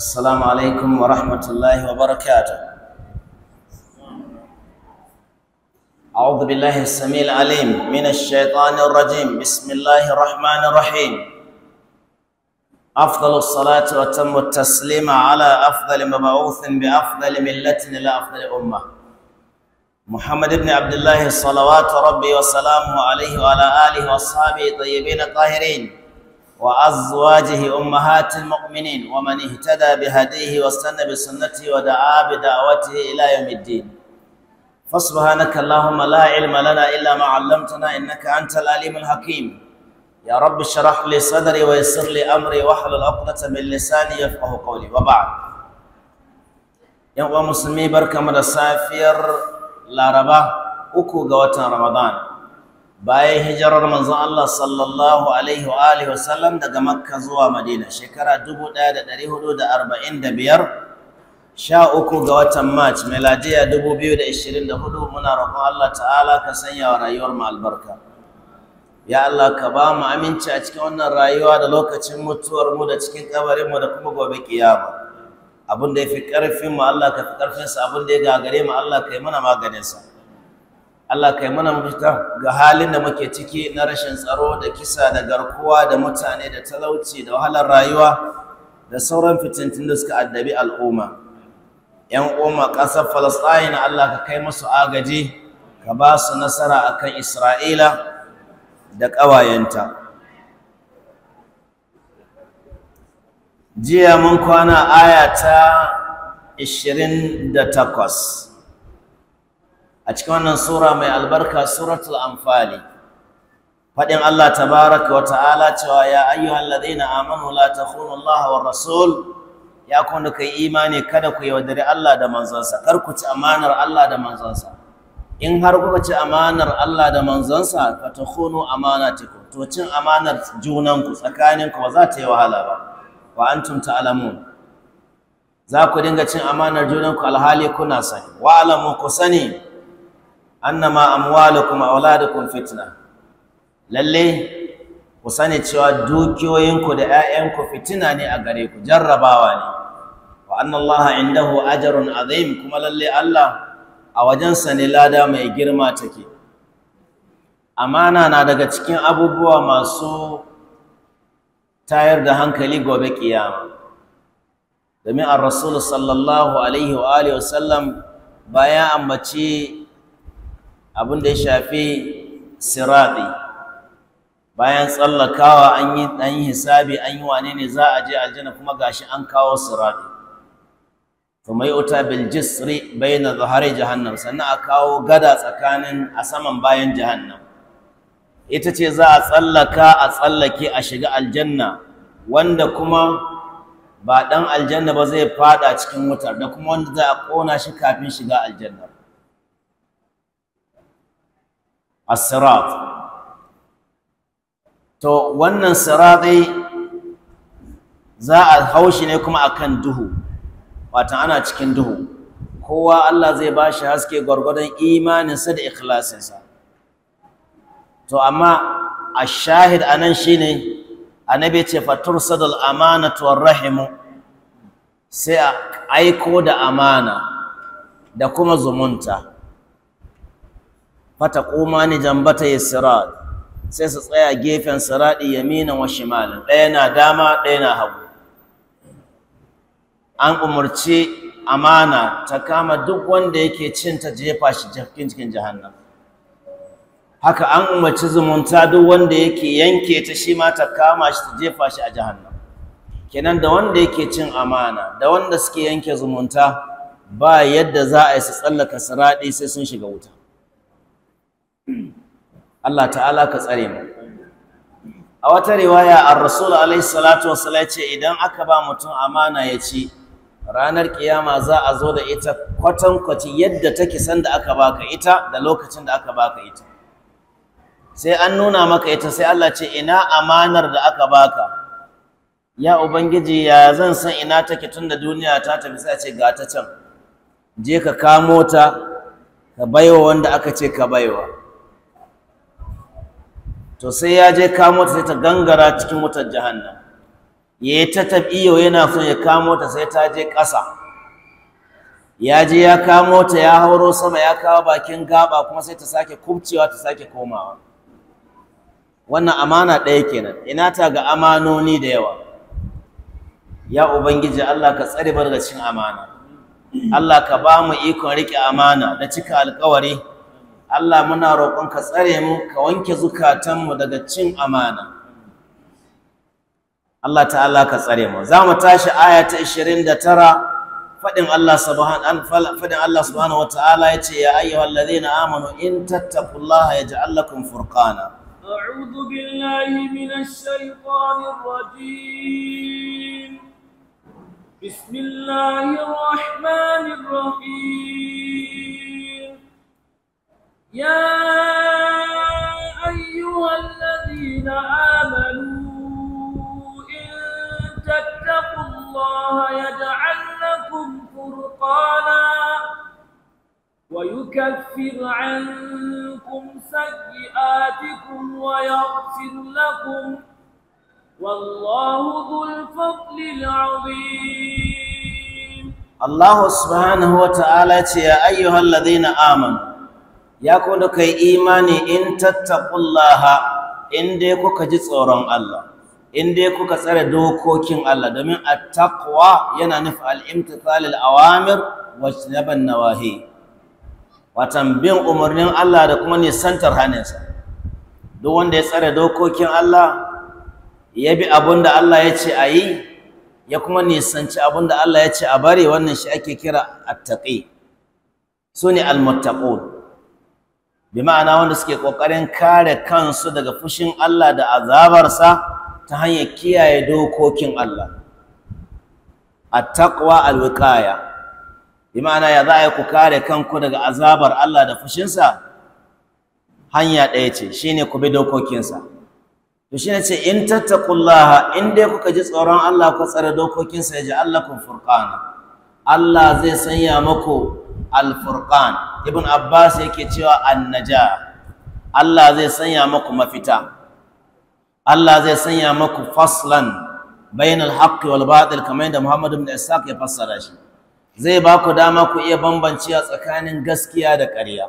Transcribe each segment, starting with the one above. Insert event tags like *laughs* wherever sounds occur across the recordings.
السلام عليكم ورحمة الله وبركاته أعوذ بالله السميع العليم من الشيطان الرجيم بسم الله الرحمن الرحيم أفضل الصلاة وتم التسليم على أفضل مبعوث بأفضل ملة إلى أفضل أمة محمد بن عبد الله صلوات ربي وسلامه عليه وعلى آله وأصحابه طيبين طاهرين وأزواجه أمهات المؤمنين ومن اهتدى بهديه واستنى بسنته ودعا بدعوته إلى يوم الدين فسبحانك اللهم لا علم لنا إلا ما علمتنا إنك أنت العليم الحكيم يا رب اشرح لي صدري ويسر لي أمري وحل عقدة من لساني يفقه قولي وبعد يا مسلمي بركة مدى سافر لا ربا uku قوة رمضان bayan hijirar manzon Allah sallallahu alaihi wa alihi wasallam daga Makka zuwa Madina shekara 1445 sha uku ga watan March miladiya 2024 muna roƙon Allah ta'ala ka sanya wa rayuwar mu albarka ya Allah ka ba mu aminci a cikin wannan rayuwa da lokacin mutuwar mu da cikin kabarin mu da kuma gobe kiyama abin da ya fi ƙarfin mu Allah ka fi ƙarfinsa abin da ya gagare mu Allah ka yi mana maganinsa Allah kai mana mafita ga halin da muke ciki na rashin tsaro da kisa da garkuwa da mutane da talauci da wahalar rayuwa da sauran fitintun da suka addabi al'umma yan umma ƙasar falasɗayin Allah ka kai musu agaji ka ba su nasara akan isra'ila da ƙawayenta jiya mun kwana aya ta 28 a cikin wannan sura mai albarka suratul anfali Faɗin Allah tabaraka wa ta'ala cewa ya ayyuhal ladina amanu la takhunu Allah wa rasul ya kun da kai imani kada ku yaudari Allah da manzonsa. kar ku ci amanar Allah da manzonsa. in har kuka ci amanar Allah da manzansa fa takhunu amanatikum to cin amanar junanku tsakaninku ba za ta yi wahala ba wa antum ta'lamun za ku dinga cin amanar junanku alhali kuna sani wa alamu ku sani annama amwalukum auladukum fitna lalle ku sani cewa dukiyoyinku da 'ya'yanku fitina ne a gare ku jarrabawa ne wa annallaha indahu ajrun azim kuma lalle Allah a wajensa ne lada mai girma take amana na daga cikin abubuwa masu tayar da hankali gobe kiyama domin ar-rasul sallallahu alaihi wa alihi bayan ambaci abin da ya shafi siradi bayan tsallakawa an yi hisabi an yi wane ne za a je aljanna kuma gashi an kawo siradi kuma yuta bil jisri bayna dhahari jahannam sannan a kawo gada tsakanin a saman bayan jahannam ita ce za a tsallaka a tsallake a shiga aljanna wanda kuma ba dan aljanna ba zai fada cikin wutar da kuma wanda za a ƙona shi kafin shiga aljanna as-sirat to wannan siratai za a haushi ne kuma akan duhu wato ana cikin duhu kowa Allah zai ba shi haske gwargwadon imaninsa da ikhlasinsa to amma a shahid a nan shi ne annabi ce fatur sadal amanatu rahimu sai a aiko da amana da kuma zumunta Fata koma ni jambata yasirat sai su tsaya gefen siradi yamina wa shimalan ɗaya na dama ɗaya na hagu an umarci amana ta kama duk wanda yake cin ta jefa shi cikin cikin jahannan. haka an umarci zumunta duk wanda yake yanke ta shi ma ta kama shi ta jefa shi a kenan da wanda yake cin amana da wanda suke yanke zumunta ba yadda za a yi su tsallaka siraɗi sai sun shiga wuta Allah ta'ala ka tsare mu a wata riwaya ar-rasul alaihi salatu wassalam ce idan aka ba mutum amana ya ci ranar kiyama za a zo da ita kwatan kwaci yadda take da aka baka ita da lokacin da aka baka ita sai an nuna maka ita sai Allah ce ina amanar da aka baka ya ubangiji ya zan san ina take tunda duniya ta tafi sai ce ga ta can je ka kamo ta ka baiwa wanda aka ce ka baiwa to sai ya je kamo ta sai ta gangara cikin wutar jahannam ya yi ta tabiyo yana so ya kamo ta sai ta je ƙasa ya je ya kamo ta ya hauro sama ya kawo bakin gaba kuma sai ta sake kubcewa ta sake komawa wannan amana ɗaya kenan ina ta ga amanoni da yawa ya ubangiji Allah ka tsare cin amana Allah ka ba mu ikon riƙe amana da cika alƙawari Allah muna roƙon ka tsare mu ka wanke zukatanmu daga cin amana Allah ta'ala ka tsare mu za mu tashi aya ta 29 Faɗin Allah subhanahu wa ta'ala ya ce ya ayyuhal ladhina amanu in tattaqullaha yaj'al lakum furqana a'udhu billahi minash shaitanir rajim bismillahir rahmanir rahim يا أيها الذين آمنوا إن تتقوا الله يجعل لكم فرقانا ويكفر عنكم سيئاتكم ويغفر لكم والله ذو الفضل العظيم الله سبحانه وتعالى يا أيها الذين آمنوا ya ku da kai imani in tattaqullaha in dai kuka ji tsoron Allah in dai kuka tsare dokokin Allah domin at-taqwa yana nufi al-imtithal al-awamir ban na nawahi watan bin umarnin Allah da kuma nisantar hannunsa duk wanda ya tsare dokokin Allah ya bi abin da Allah ya ce a yi ya kuma nisanci abin da Allah ya ce a bari wannan shi ake kira at su ne al bi ma'ana wanda suke ƙoƙarin kare kansu daga fushin Allah da azabarsa ta hanyar kiyaye dokokin Allah at-taqwa al-wiqaya bi ma'ana ya za ku kare kanku daga azabar Allah da fushinsa hanya ɗaya ce shine ku bi dokokinsa to shine ce in tattaqullaha in dai kuka ji tsoron Allah ku tsare dokokinsa ya ji Allah kun furqana Allah zai sanya muku al-furqan ibn abbas yake cewa annaja Allah zai sanya maku mafita Allah zai sanya maku faslan bainal haqqi wal batil kamar yadda Muhammad ibn Ishaq ya fassara shi zai ba ku dama ku iya bambancewa tsakanin gaskiya da ƙarya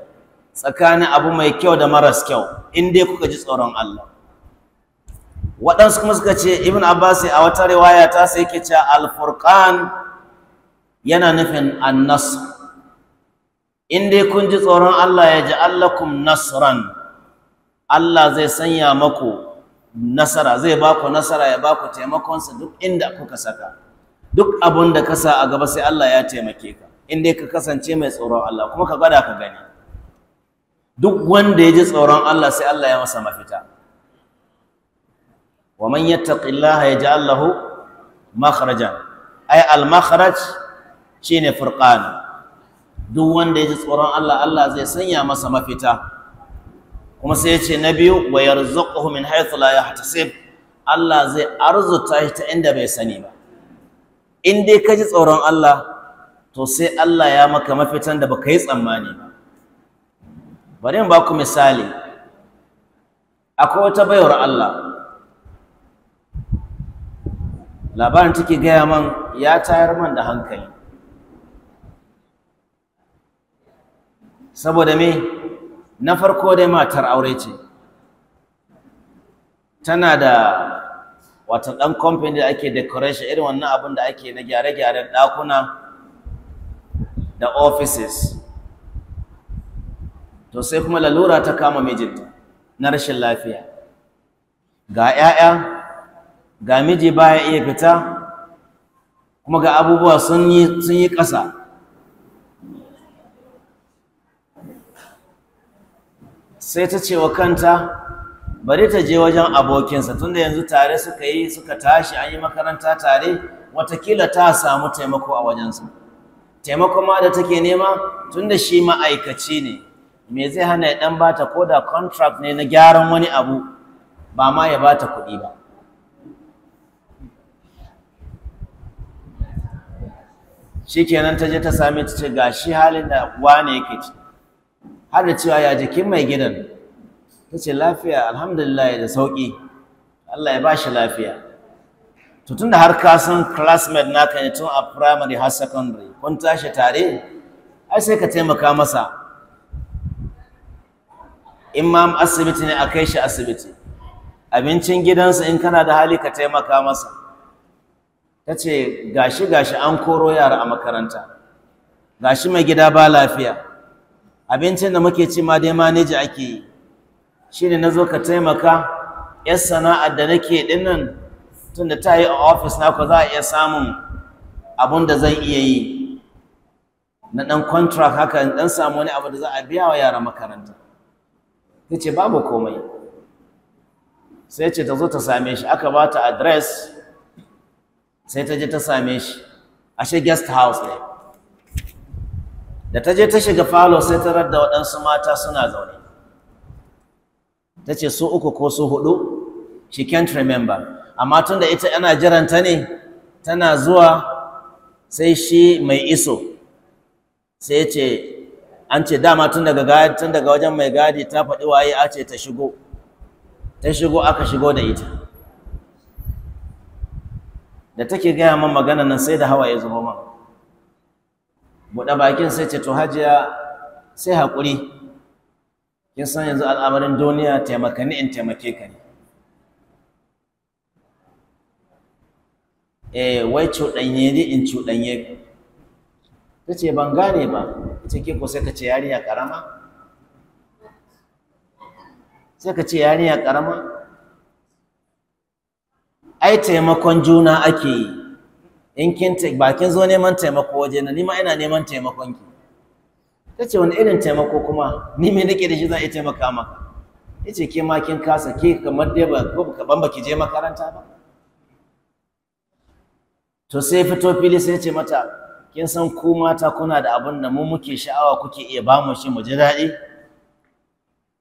tsakanin abu mai kyau da maras kyau in dai kuka ji tsoron Allah waɗansu kuma suka ce ibn abbas a wata riwaya ta sai yake cewa Alfurkan yana nufin an in dai kun ji tsoron Allah ya ji lakum nasran Allah zai sanya maku nasara zai ba ku nasara ya ba ku taimakonsa duk inda kuka saka duk abin da ka sa a gaba sai Allah ya taimake ka in dai ka kasance mai tsoron Allah kuma ka gwada ka gani duk wanda ya ji tsoron Allah sai Allah ya masa mafita wa man yattaqillaha yaj'al lahu makhrajan ay al makhraj shine furqan duk wanda ya ji tsoron Allah Allah zai sanya masa mafita kuma sai ya ce na biyu wa yarzuqhu min haythu la yahtasib Allah zai arzuta shi ta inda bai sani ba in dai ka ji tsoron Allah to sai Allah ya maka mafitan da baka yi tsammani ba bari in baku misali akwai wata baiwar Allah labarin take gaya man ya tayar man da hankali saboda me na farko dai matar aure ce tana da wata ɗan company da ake decoration irin wannan abin da ake na gyare-gyaren ɗakuna da offices to sai kuma lalura ta kama mijinta na rashin lafiya ga 'ya'ya ga miji baya iya fita kuma ga abubuwa sun yi ƙasa sai ta ce wa kanta bari ta je wajen abokinsa tunda yanzu tare suka yi suka tashi an yi makaranta tare watakila ta samu taimako a wajensa taimako ma da take nema tunda shi ma'aikaci ne me zai hana ya dan ta ko da contract ne na gyaran wani abu ba ma ya ba ta kuɗi ba shikenan ta je ta sami ta ce gashi halin da wane yake ciki har da cewa ya jikin mai gidan ta ce lafiya alhamdulillah da sauƙi Allah ya ba shi lafiya to tun da har ka san classmate naka ne tun a primary har secondary kun tashi tare ai sai ka taimaka masa imam asibiti ne a kai shi asibiti abincin gidansa in kana da hali ka taimaka masa ta ce gashi gashi an koro yara a makaranta gashi mai gida ba lafiya abincin da muke ci ma dai maneji ake yi Shi na zo ka taimaka yar sana'ar da nake dinnan tun da ta yi a ofis na ku za a iya samun abun da zan iya yi na dan contract haka in dan samu wani abu da za a biya wa yara makaranta ce babu komai sai ce ta zo ta same shi aka ba ta address sai ta je ta same shi ashe guest house ne da ta je ta shiga falo sai ta radda waɗansu mata suna zaune ta ce su uku ko su hudu she can't remember amma tun da ita yana jiranta ne tana zuwa sai shi mai iso sai ce an ce dama tun daga wajen mai gadi ta faɗi waye a ce ta shigo ta shigo aka shigo da ita da take gaya min magana nan sai da hawa ya zubo man buɗe bakin sai ce to hajiya sai haƙuri kin san yanzu al'amarin duniya taimaka ni in taimake ka ne eh wai cuɗanye ne in cuɗanye ta ce ban gane ba ita ke ko sai ka ce yarinya ƙarama sai ka ce yarinya ƙarama ai taimakon juna ake yi in kin ba kin zo neman taimako waje na nima ina neman taimakon ki Ta ce wani irin taimako kuma ni me nake da shi zan iya taimaka maka yace ke ma kin kasa ke kamar dai ba ko ban baki je makaranta ba to sai fito fili sai ce mata kin san ku mata kuna da abin da mu muke sha'awa kuke iya ba mu shi mu ji daɗi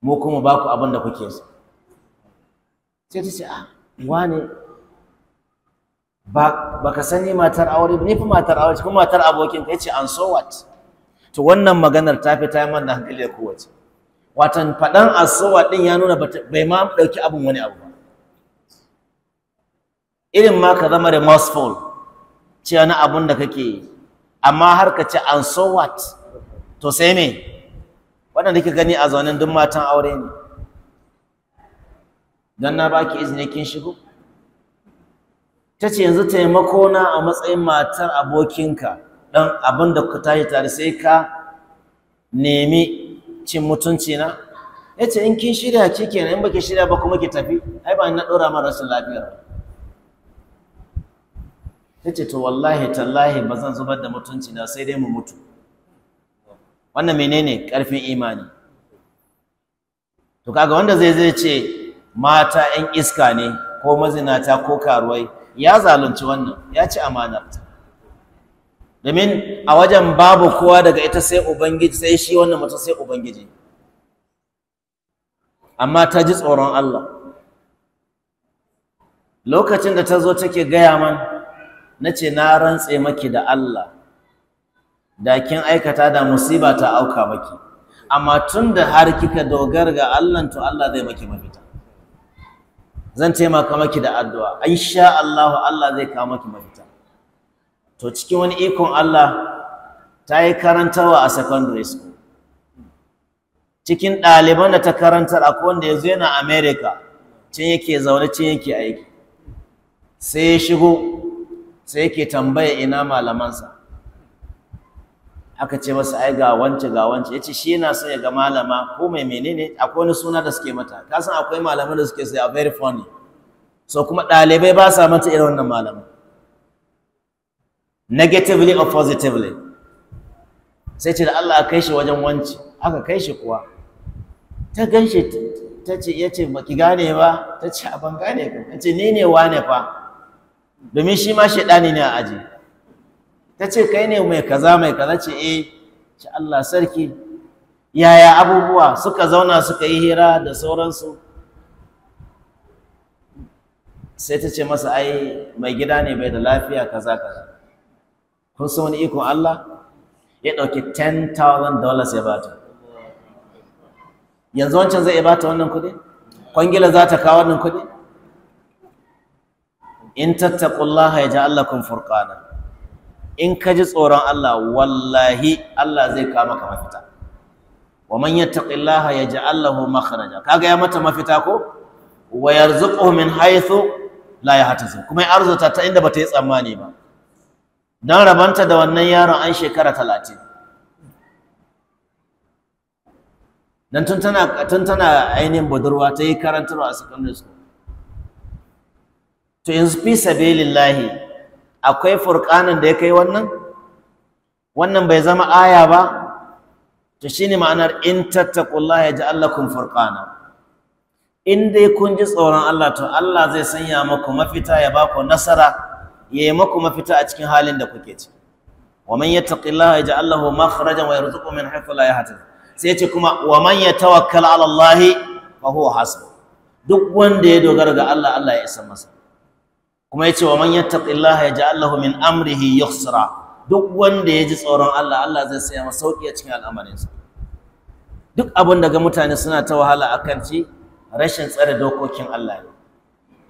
mu kuma ba ku abin da kuke so sai ta ce ah wane ba ka sani matar aure ba ni fi matar aure kuma matar abokin ka yace an so what to wannan maganar ta fi ta mana hankali da kowace watan fadan asowa din ya nuna bai ma dauki abun wani abu ba irin ma ka zama remorseful cewa na abun da kake yi amma har ka ce an so what to sai me waɗanda kika gani a zaunin duk matan aure ne don na baki izini kin shigo ta ce yanzu taimako na a matsayin matar abokinka don abin da ku tashi tare sai ka nemi cin mutunci na ya ce in kin shirya ce kenan in baki shirya ba kuma ki tafi ai ba na ɗora mara rashin lafiya ta ce to wallahi tallahi ba zan zubar da mutunci na sai dai mu mutu wannan menene karfin imani to kaga wanda zai zai ce mata 'yan iska ne ko mazinata ko karuwai ya zalunci wannan ya ci amanarta domin a wajen babu kowa daga ita sai ubangiji sai shi wannan mutum sai ubangiji amma ta ji tsoron Allah lokacin da ta zo take gaya man na ce na rantse maki da Allah da kin aikata da musiba ta auka maki amma tun da har kika dogara ga Allah to Allah zai maki mafita zan taimaka maki da addu'a insha Allah Allah zai kawo maki mafita to cikin wani ikon Allah ta yi karantarwa a secondary school cikin ɗaliban da ta karantar akwai wanda ya zo yana Amerika, can yake zaune can yake aiki sai ya shigo sai yake tambaya ina malamansa aka ce masa ai ga wance ga wance yace shi yana so ya ga malama ko mai menene akwai wani suna da suke mata ka san akwai malaman da suke sai a very funny so kuma ɗalibai ba sa mata irin wannan malama negatively or positively sai ce da Allah a kai shi wajen wance aka kai shi kuwa ta gan shi ta ce yace ba ki gane ba ta ce a ban gane ka ta ce ni ne wane fa domin shi ma shaɗani ne a aji ta ce kai ne mai kaza mai kaza ce eh ce Allah sarki yaya abubuwa suka zauna suka yi hira da sauransu sai ta ce masa ai mai gida ne bai da lafiya kaza kaza kun san wani iko Allah ya ɗauki $10,000 ya bata yanzu wancan zai bata wannan kuɗi kwangila za ta kawo wannan kuɗi in tattaqullaha yaj'al lakum furqana in ka ji tsoron Allah wallahi Allah zai kawo maka mafita wa man yattaqillaha yaj'al lahu makhraja kaga ya mata mafita ko wa yarzuquhu min haythu la yahtasib kuma ya arzuta ta inda bata yi tsammani ba dan rabanta da wannan yaron an shekara 30 dan tun tana tun tana ainihin budurwa ta yi karantarwa a secondary school to in fi sabilillahi akwai furƙanan da ya kai wannan wannan bai zama aya ba to ne ma'anar in tattaqullaha yaj'al lakum furqana in dai kun ji tsoron Allah to Allah zai sanya muku mafita ya baku nasara ya yi muku mafita a cikin halin da kuke ci wa man yattaqillaha yaj'al lahu makhrajan wa yarzuqhu min haythu la yahtasib sai ce kuma wa man yatawakkal ala Allah fa huwa duk wanda ya dogara ga Allah Allah ya isa masa kuma yace wa man yattaqillaha yaj'al lahu min amrihi yusra duk wanda ya ji tsoron Allah Allah zai saya masa sauki a cikin al'amarinsa duk abin da ga mutane suna ta wahala akan ci rashin tsare dokokin Allah ne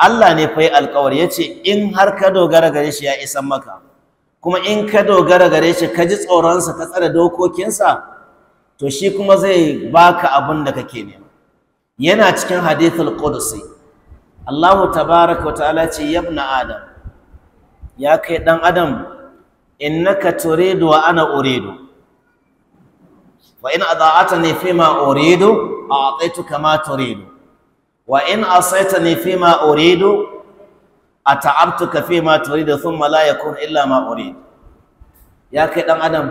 Allah ne fa yi alƙawari yace in har ka dogara gare shi ya isan maka kuma in ka dogara gare shi ka ji tsoron sa ka tsare dokokinsa to shi kuma zai baka abin da kake nema yana cikin hadithul qudsi Allah ta baraka wata ala ce yabna adam ya kai dan adam in innaka turidu wa ana uridu wa in adha'atani fima uridu a'taytuka ma turidu wa in a a saita ne asaytani fima uridu ata'abtuka fima turidu thumma la yakun illa ma uridu ya kai dan adam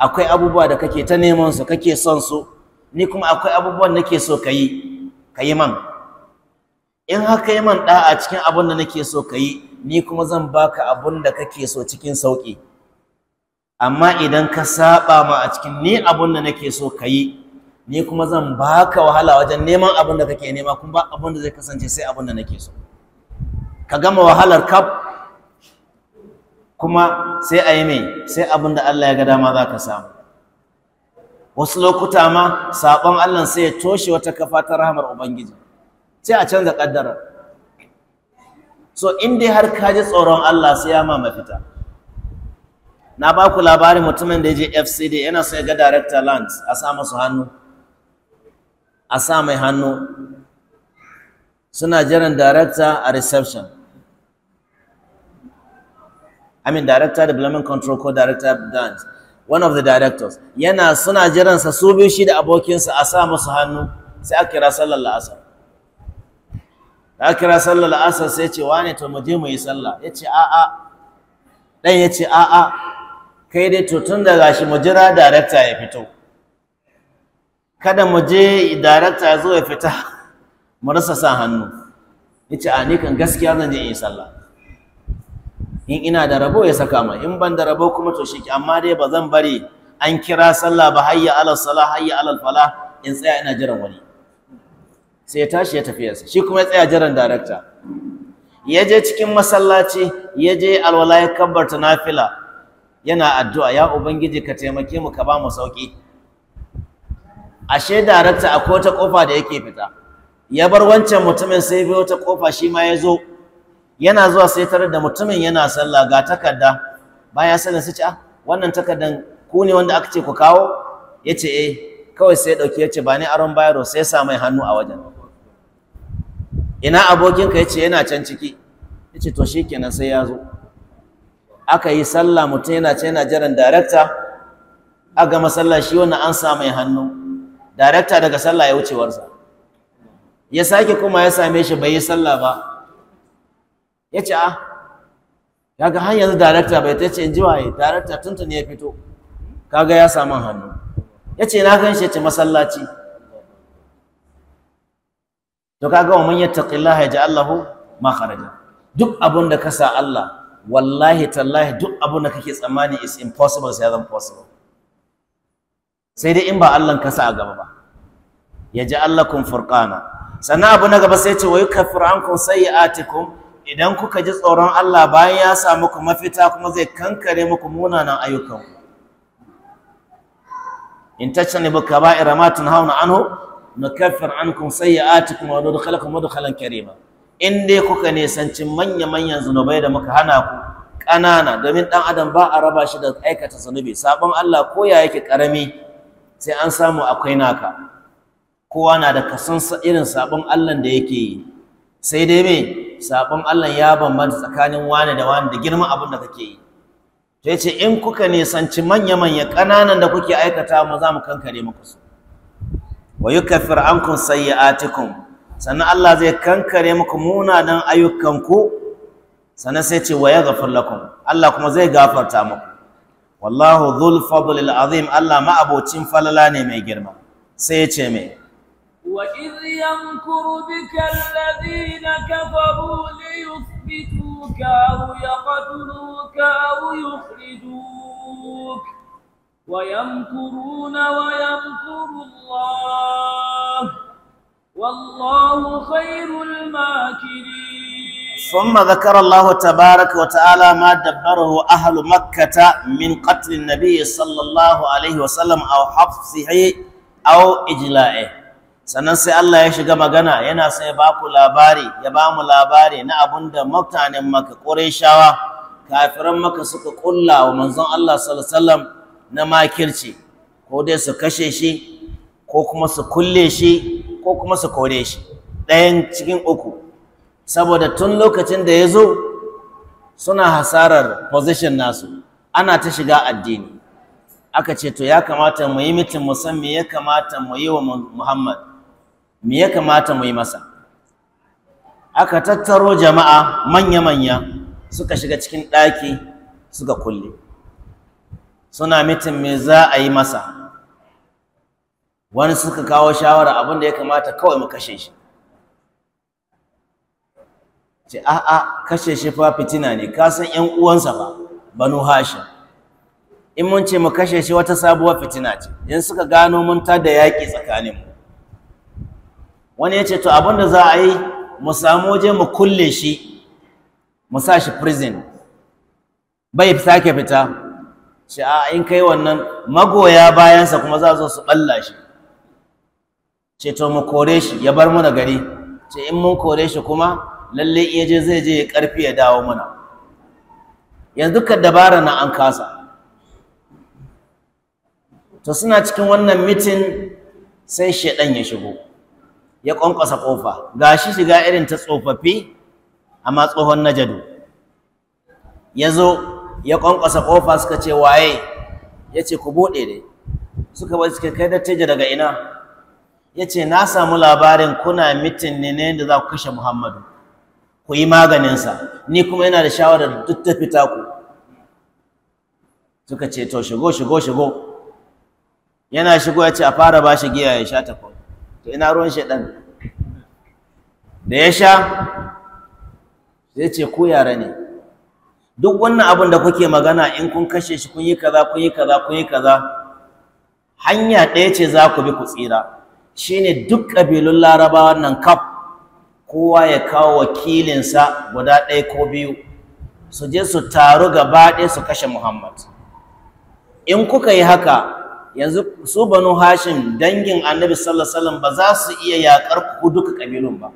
akwai abubuwa da kake ta neman su kake son su ni kuma akwai abubuwan nake so ka yi man in haka yi man a cikin abin da nake so ka yi ni kuma zan baka abin da kake so cikin sauƙi amma idan ka saba ma a cikin ni abin da nake so ka yi ni kuma zan baka wahala wajen neman abin da kake nema kuma ba abin da zai kasance sai abin da nake so ka gama wahalar kaf kuma sai a yi mai sai abin da Allah ya ga dama za ka samu wasu lokuta ma saɓon Allah sai ya toshe wata kafa ta rahamar Ubangiji sai a canza ƙaddarar so in dai har ka ji tsoron Allah sai ya ma mafita na ba ku labarin mutumin da ya je FCD yana so ya ga director lands a sa masu hannu a sa mai hannu suna jiran director a reception I mean director development control ko director dance one of the directors yana suna jiransa su biyu shi da abokinsa a sa masu hannu sai aka kira sallar la'asar da kira sallar asar sai ce wane to mu mai mu sallah ya ce a'a ɗan ya ce a'a kai dai to tun da gashi mu jira darakta ya fito kada muje je darakta ya zo ya fita *laughs* mu rasa sa hannu ya ce a ni gaskiya zan je in yi sallah in ina da rabo ya saka ma in ban da rabo kuma to shiki amma dai ba zan bari an kira sallah ba hayya alal salah hayya alal falah in tsaya ina jiran wani sai ya tashi ya tafi yasa shi kuma ya tsaya jiran darakta ya je cikin masallaci ya je alwala ya kabbarta nafila yana addu'a ya ubangiji ka taimake mu ka ba mu sauki ashe darakta akwai wata kofa da yake fita ya bar wancan mutumin sai bai wata kofa shi ma ya zo yana zuwa sai tare da mutumin yana sallah ga takarda baya sanin su ce ah wannan takardan ku ne wanda aka ce ku kawo ya ce eh kawai sai ya ɗauki ya ce ba ni aron bayaro sai ya sa mai hannu a wajen ina abokinka ya ce yana can ciki ya ce to shi kenan sai ya zo aka yi sallah mutum yana ce yana jiran darakta a gama sallah shi wannan an sa mai hannu darakta daga sallah ya wucewarsa ya sake kuma ya same shi bai yi sallah ba ya ce ah, a. kaga har yanzu darakta bai ta ce in ji waye darakta tuntun ya fito kaga ya samu hannu ya ce na gan shi ya ce masallaci to kaga wa man yattaqillaha yaj'al allahu makharaja duk abun da ka sa Allah wallahi tallahi duk abun da kake tsammani is impossible sai zan possible sai dai in ba Allah ka sa a gaba ba yaj'al lakum furqana sannan abu na gaba sai ce wa yukaffiru ankum sayi'atikum idan kuka ji tsoron Allah bayan ya sa muku mafita kuma zai kankare muku munanan ayyukan in tacce ne ba kaba'ira ma tunhauna anhu nukaffir ankum sayyi'atikum wa nudkhilukum mudkhalan karima in dai kuka nesanci manya manyan zunubai da muka hana ku kanana domin ɗan adam ba a raba shi da aikata zunubi sabon Allah ko ya yake ƙarami sai an samu akwai naka kowa na da kasan irin sabon Allah da yake yi sai dai me sabon Allah ya bambanta tsakanin wane da wani da girman abin da kake yi to yace in kuka nisanci manya manya ƙananan da kuke aikata mu za mu kankare muku su wa yukaffir ankum sayyi'atikum sannan Allah zai kankare muku munanan ayyukanku sannan sai ce wa yaghfir Allah kuma zai gafarta maku, wallahu dhul fadlil azim Allah ma'abocin falala ne mai girma sai ya ce mai وإذ يمكر بك الذين كفروا ليثبتوك أو يقتلوك أو يخرجوك ويمكرون ويمكر الله والله خير الماكرين ثم ذكر الله تبارك وتعالى ما دبره أهل مكة من قتل النبي صلى الله عليه وسلم أو حفظه أو إجلائه sannan sai Allah ya shiga magana yana sai ba ku labari ya ba mu labari na abun da mutanen maka ƙureshawa kafiran maka suka ƙulla wa manzon Allah sallallahu alaihi wasallam na makirci ko dai su kashe shi ko kuma su kulle shi ko kuma su kore shi ɗayan cikin uku saboda tun lokacin da ya zo suna hasarar position nasu ana ta shiga addini aka ce to ya kamata mu yi mitin mu san me ya kamata mu yi wa Muhammad me ya kamata mu yi masa aka tattaro jama'a manya-manya suka shiga cikin ɗaki suka kulle suna mitin me za a yi masa wani suka kawo shawara abin ya kamata kawai mu kashe shi ce a'a kashe shi fa fitina ne ka san ƴan uwansa ba banu hashim in mun ce mu kashe shi wata sabuwar fitina ce in suka gano mun ta da yaƙi tsakanin mu wani ya ce to abin da za a yi mu samu waje mu kulle shi mu sa shi prison bai sake fita ce a in kai wannan magoya bayansa kuma za zo su balla shi ce to mu kore shi ya bar mana gari ce in mun kore shi kuma lalle iya je zai je karfi ya dawo mana yanzu ka dabara na an kasa to suna cikin wannan mitin sai shaidan ya shigo ya kwankwasa kofa gashi shiga irin ta tsofaffi amma tsohon najadu ya zo ya kwankwasa kofa suka ce waye ya ce ku buɗe ne. suka bai suka kai dattijo daga ina ya ce na samu labarin kuna mitin ne ne da za ku kashe muhammadu ku yi maganinsa ni kuma yana da shawarar duk ta fita ku suka ce to shigo shigo shigo yana shigo ya ce a fara ba shi giya ya sha ta to ina ruwan shaɗan da ya sha zai ce ku yara ne duk wannan abin da kuke magana in kun kashe shi kun yi kaza kun yi kaza kun yi kaza hanya ɗaya ce za ku bi ku tsira shine duk ƙabilun larabawa nan kaf kowa ya kawo wakilinsa guda ɗaya ko biyu su je su taru gaba ɗaya su kashe muhammad in kuka yi haka yanzu su banu hashim dangin annabi sallallahu alaihi ba za su iya yaƙar ku duka ƙabilun ba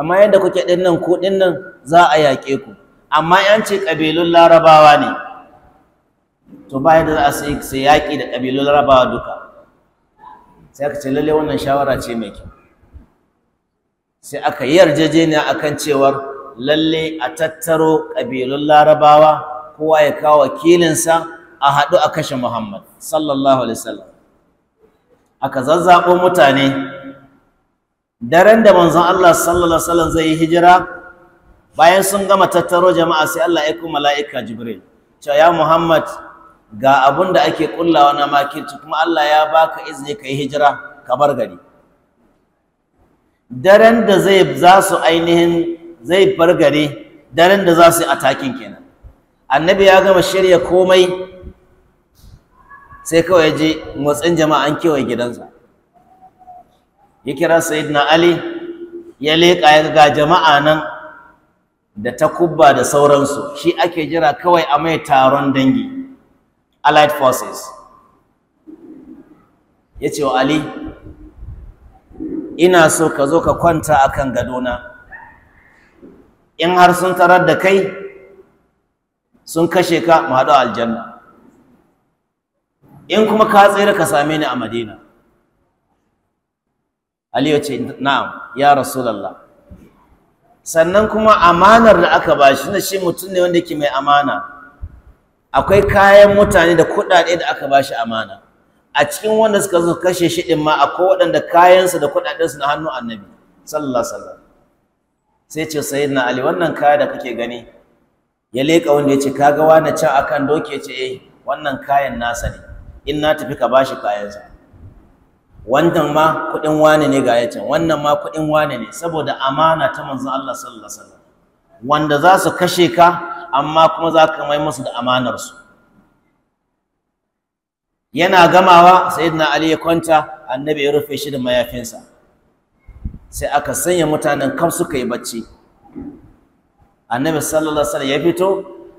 amma yadda kuke ɗin nan ko ɗin nan za a yaƙe ku amma yan ce ƙabilun larabawa ne to ba da za a sai yaƙi da ƙabilun larabawa duka sai aka ce lalle wannan shawara ce mai kyau sai aka yi yarjejeniya a kan cewar lalle a tattaro ƙabilun larabawa kowa ya kawo wakilinsa a haɗu a kashe muhammad sallallahu alaihi wasallam aka zazzaɓo mutane daren da manzon allah sallallahu alaihi wasallam zai yi hijira bayan sun gama tattaro jama'a sai Allah ya kuma mala'ika Jibril cewa ya Muhammad ga abun da ake kullawa na makirci kuma Allah ya baka izini kai hijira ka bar gari daren da zai za su ainihin zai bar gari daren da za su yi atakin kenan annabi ya gama shirya komai sai kawai ya je motsin jama'a an kewaye gidansa ya kira sayyidina Ali ya leƙa ga jama'a nan da takubba da sauransu shi ake jira kawai a mai taron dangi allied forces ya ce wa ali ina so ka zo ka kwanta a kan gadona in har sun tarar da kai sun kashe ka mu aljanna in kuma ka tsere ka same ni a madina ali ya ce na'am ya rasulallah sannan kuma amanar da aka ba shi shi mutum ne wanda yake mai amana akwai kayan mutane da kuɗaɗe da aka ba shi amana a cikin wanda suka zo kashe shi ɗin ma akwai waɗanda kayansu da kuɗaɗensu na hannun annabi sallallahu sallam sai ce sayyidina ali wannan kaya da kake gani ya leƙa wanda ya ce kaga wani can akan doke ce eh wannan kayan nasa ne in na tafi ka bashi kayansa wannan ma kuɗin wane ne ga yacin wannan ma kuɗin wane ne saboda amana ta manzon Allah sallallahu alaihi wasallam wanda za su kashe ka amma kuma za ka mai musu da amanar su. yana gamawa sayyidina ali ya kwanta annabi ya rufe shi da mayafinsa sai aka sanya mutanen kam suka yi bacci annabi sallallahu alaihi wasallam ya fito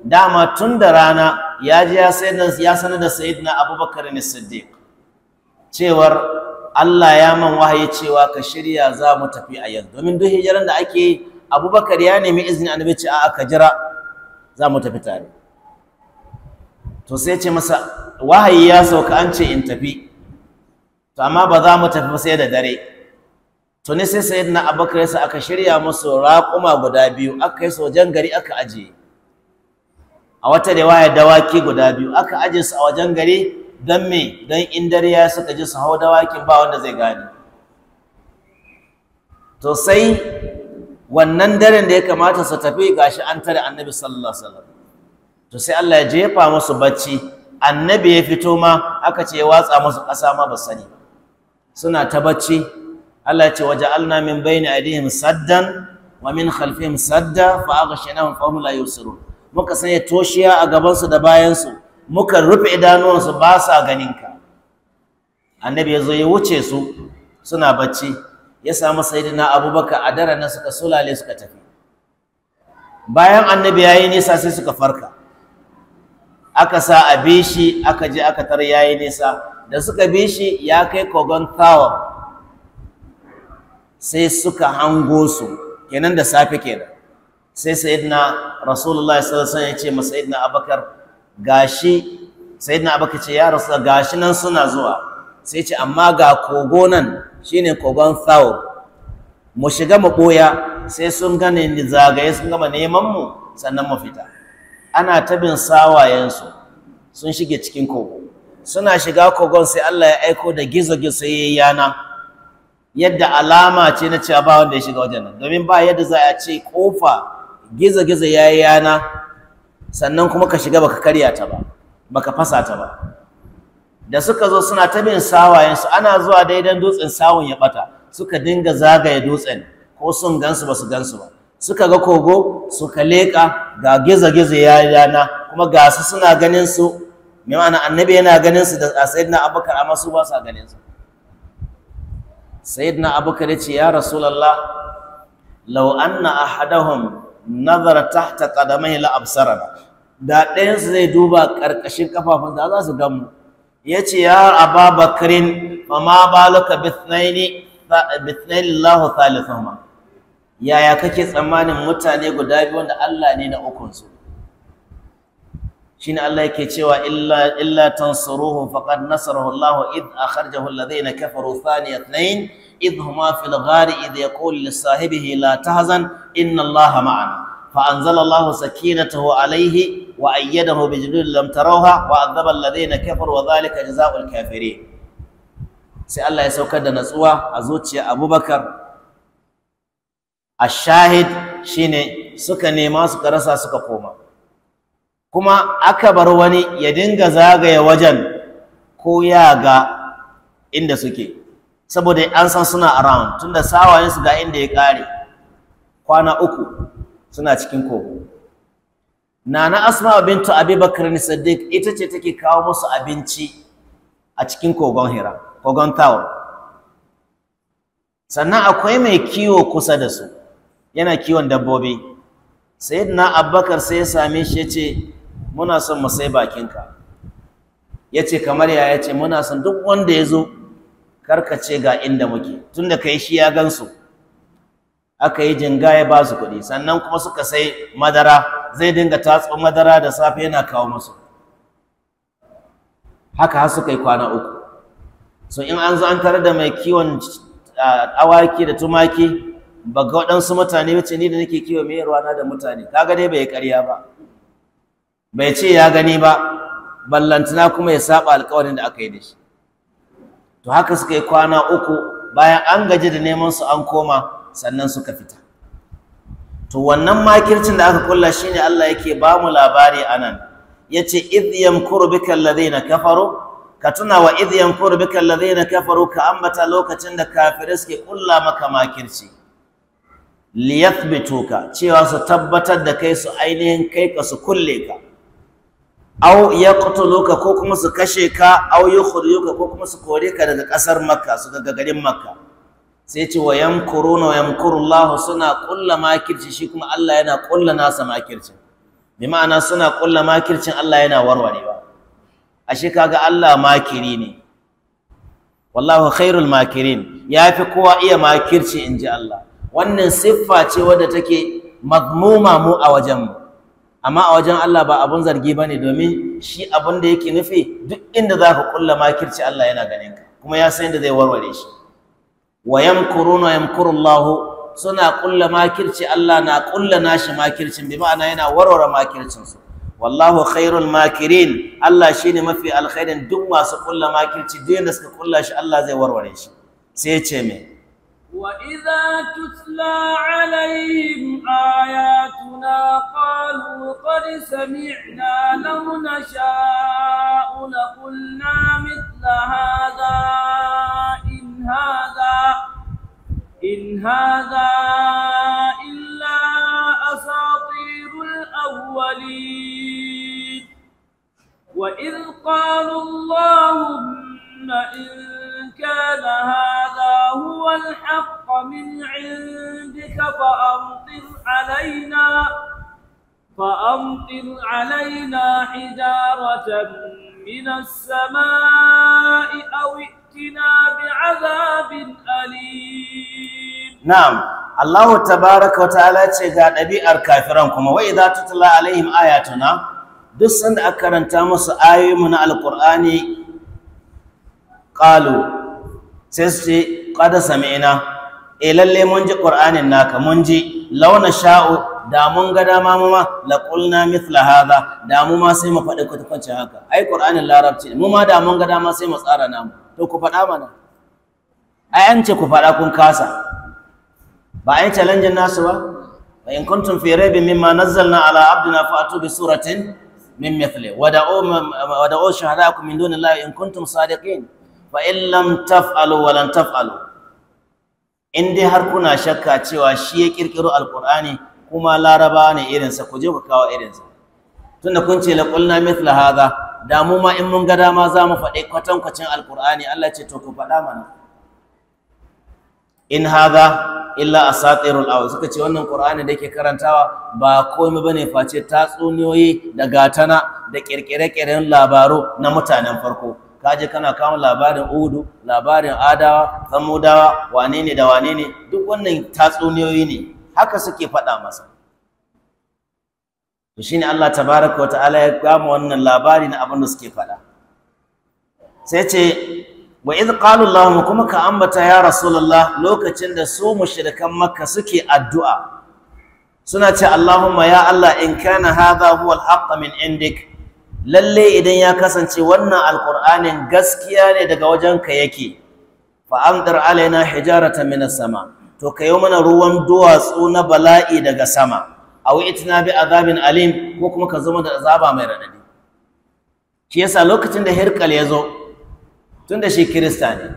dama tun da rana ya ji ya sanar da sayyidina abubakar ne siddiq cewar Allah ya man wahayi cewa ka shirya za mu tafi a yanzu domin duk hijiran da ake yi Abubakar ya nemi izini annabi ce a'a ka jira za mu tafi tare to sai ce masa wahayi ya sauka an ce in tafi to amma ba za mu tafi ba sai da dare to ne sai sayyidina Abubakar ya sa aka shirya musu raƙuma guda biyu aka yi sojan gari aka ajiye a wata riwaya dawaki guda biyu aka ajiye su a wajen gari don me don in dare ya suka ji su hau dawakin ba wanda zai gane to sai wannan daren da ya kamata su tafi gashi an tare annabi sallallahu alaihi wasallam to sai Allah ya jefa musu bacci annabi ya fito ma aka ce ya watsa musu ƙasa ma ba sani suna ta bacci Allah ya ce alna min bayni aydihim saddan wa min khalfihim sadda fa aghshaynahum fa hum la yusirun muka sanya toshiya a gabansu da bayansu. muka rufe idanuwansu ba sa ganinka annabi ya zo ya wuce su suna bacci ya samu sayidina abubakar a daren nan suka sulale suka tafi bayan annabi ya yi nisa sai suka farka aka sa a bi shi aka je aka tar ya yi nisa da suka bi shi ya kai kogon tawa sai suka hango su kenan da safe kenan sai sayidina rasulullah sallallahu alaihi ya ce ma sayidina abubakar gashi sai na abubakar ce ya rasu gashi nan suna zuwa sai ce amma ga kogo nan shine kogon thawr mu shiga mu boya sai sun gane ni zagaye sun gama neman mu sannan mu fita ana tabin sawayensu sun shige cikin kogo suna shiga kogon sai Allah ya aiko da gizo-gizo sai yayi yana yadda alama ce na cewa ba wanda ya shiga wajen nan domin ba yadda za a ce kofa gizo-gizo yayi yana sannan kuma ka shiga baka karya ta ba baka fasa ta ba da suka zo suna ta bin sawayensu ana zuwa daidan dutsen sawun ya bata suka dinga zagaye dutsen ko sun gansu ba su gansu ba suka ga kogo suka leka ga gizo-gizo ya yi rana kuma ga su suna ganin su mai ma'ana annabi yana ganin su da sayyidina abubakar amma su ba sa ganin su sayyidina abubakar ya ce ya rasulallah law anna ahadahum nazara tahta qadamaihi la absarana da ɗayan su zai duba ƙarƙashin kafafun da za su gamu yace ya ababakrin fa ma balaka bithnaini bithnaini Allahu thalithuma yaya kake tsammanin mutane guda biyu wanda Allah ne na ukun su shine Allah yake cewa illa illa tansuruhu faqad nasarahu Allahu id akhrajahu alladhina kafaru thaniya ithnain إذ هما في الغار إذ يقول لصاحبه لا تهزن إن الله معنا فأنزل الله سكينته عليه وأيده بجنود لم تروها وعذب الذين كفروا وذلك جزاء الكافرين sai Allah ya saukar da natsuwa a zuciyar Abubakar ash-shahid shine suka nema suka rasa suka koma kuma aka bar wani ya dinga zagaya wajen koya ga inda suke saboda an san suna around tunda su ga inda ya kare kwana uku suna cikin kogo nana asma bintu abubakar Sadik ita ce take kawo musu abinci a cikin kogon hira kogon tawo sannan akwai mai kiwo kusa da su yana kiwon dabbobi sayyidina abubakar sai ya same shi ya ce muna son mu sai bakinka ya ce kamar ya ya ce muna son duk wanda ya zo karka ce ga inda muke tunda kai shi ya gansu aka yi jinga ya ba su kuɗi sannan kuma suka sai madara zai dinga tatso madara da safe yana kawo musu haka har suka yi kwana uku so in an zo an tare da mai kiwon awaki da tumaki ba ga waɗansu mutane wace ni da nake kiwo mai ruwana da mutane kaga dai bai karya ba bai ce ya gani ba ballantana kuma ya saba alƙawarin da aka yi da shi to haka suka yi kwana uku bayan an gaji da neman su an koma sannan suka fita to wannan makircin da aka kulla shine Allah yake ba mu labari anan yace id yamkuru bikal ladina kafaru ka tuna wa id yamkuru bikal ladina kafaru ka ambata lokacin da kafirai suke kulla maka makirci liyathbituka cewa su tabbatar da kai su ainihin kai ka su kulle ka aw yaqtuluka ko kuma su kashe ka aw yukhrijuka ko kuma su kore ka daga kasar makka su daga garin makka sai ce wa yamkuruna wa yamkurullahu suna kulla makirci shi kuma Allah yana kulla nasa makircin bi ma'ana suna kulla makircin Allah yana warwarewa ashe kaga Allah makiri ne wallahu khairul makirin yafi kowa iya makirci inji Allah wannan siffa ce wadda take magmuma mu a wajenmu amma a wajen Allah ba abun zargi ba ne domin shi abun da yake nufi duk inda za ka kulla makirci Allah yana ganin ka kuma ya san yadda zai warware shi wa yamkuruna yamkurullahu suna kulla makirci Allah na kulla nashi makircin bi ma'ana yana warware makircin su wallahu khairul makirin Allah shine mafi alkhairin duk masu kulla makirci duk yadda suka kulla shi Allah zai warware shi sai ya ce me وإذا تتلى عليهم آياتنا قالوا قد سمعنا لو نشاء لقلنا مثل هذا إن هذا إن هذا إلا أساطير الأولين وإذ قالوا اللهم إن كان هذا هو الحق من عندك فأمطر علينا فأمطر علينا حجارة من السماء أو ائتنا بعذاب أليم نعم الله تبارك وتعالى تشهد أبي أركافرانكم وإذا تتلى عليهم آياتنا duk sanda aka karanta musu ayoyinmu na alkur'ani ƙalu sai su ce qad sami'na e lalle mun ji qur'anin naka mun ji launa sha'u da mun ga dama mu ma la qulna mithla hadha da mu ma sai mu faɗi kwatakwace haka ai qur'anin larabci mu ma da mun ga dama sai mu tsara namu to ku faɗa mana ai an ce ku faɗa kun kasa ba ai challenge nasu ba wa in kuntum fi raibin mimma nazzalna ala abdina fa'tu bi suratin min mithli wada'u wada'u shahadakum min dunillahi in kuntum sadiqin fa in lam taf'alu wa lan taf'alu in dai har kuna shakka cewa shi ya kirkiro alqur'ani kuma laraba ne irinsa ku je ku kawo irinsa tunda kun ce la qulna mithla hadha da mu ma in mun ga dama za mu faɗi kwatankwacin alqur'ani Allah ce to ku faɗa mana in hadha illa asatirul awwal suka ce wannan qur'ani da yake karantawa ba komai bane face tatsuniyoyi da gatana da kirkire-kirkiren labaru na mutanen farko ka je kana kawo labarin udu labarin adawa samudawa wane ne da wane ne duk wannan tatsuniyoyi ne haka suke faɗa masa to ne Allah tabaraka wa ta'ala ya gama wannan labari na abin da suke faɗa sai ce wa idh qalu Allahumma kuma ka ambata ya rasulullah lokacin da su mushrikan makka suke addu'a suna ce Allahumma ya Allah in kana hadha huwa al-haqq min indik lalle idan ya kasance wannan alkur'anin gaskiya ne daga wajen ka yake fa amdar alaina hijarata minas sama to kayo mana ruwan duwatsu na bala'i daga sama aw itna bi azabin alim ko kuma ka zama da azaba mai radadi shi yasa lokacin da hirkal ya zo tun da shi kirista ne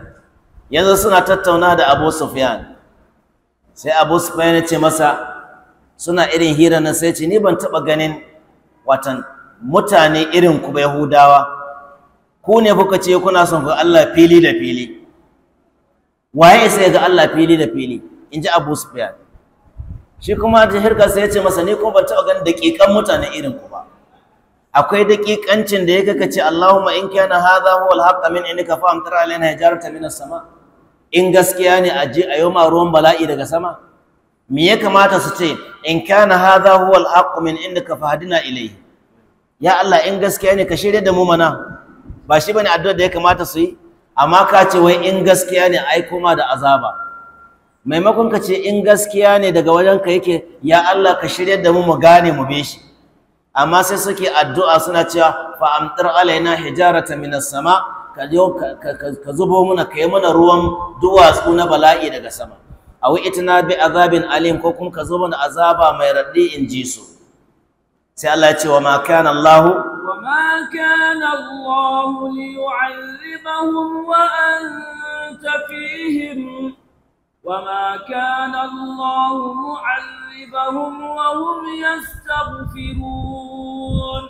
yanzu suna tattauna da Abu Sufyan sai Abu Sufyan ya ce masa suna irin hira na sai ce ni ban taba ganin watan mutane irin ku ba yahudawa ku ne kuka ce kuna son ga Allah fili da fili waye sai ga Allah fili da fili in ji Abu Sufyan shi kuma da hirka sai ya ce masa ni kuma ban taɓa ganin daƙiƙan mutane irin ku ba akwai daƙiƙancin da ya kaka ce Allahumma in kana hadha huwa al-haqq min indika fa amtar alaina hijarata min as-sama in gaskiya ne a ji a yau ma ruwan bala'i daga sama me ya kamata su ce in kana hadha huwa al-haqq min indika fa hadina ilayhi ya Allah in gaskiya ne ka shirya da mu mana ba shi bane addu'a da ya kamata su yi amma ka ce wai in gaskiya ne ai koma da azaba maimakon ka ce in gaskiya ne daga wajen ka yake ya Allah ka shirya da mu mu gane mu be shi amma sai suke addu'a suna cewa fa amtir alaina hijarata minas sama ka ka zubo muna ka yi mana ruwan duwatsu na bala'i daga sama awi itna bi azabin alim ko kuma ka zo mana azaba mai raɗi in ji su سي الله يتي وما كان الله وما كان الله ليعذبهم وأنت فيهم وما كان الله معذبهم وهم يستغفرون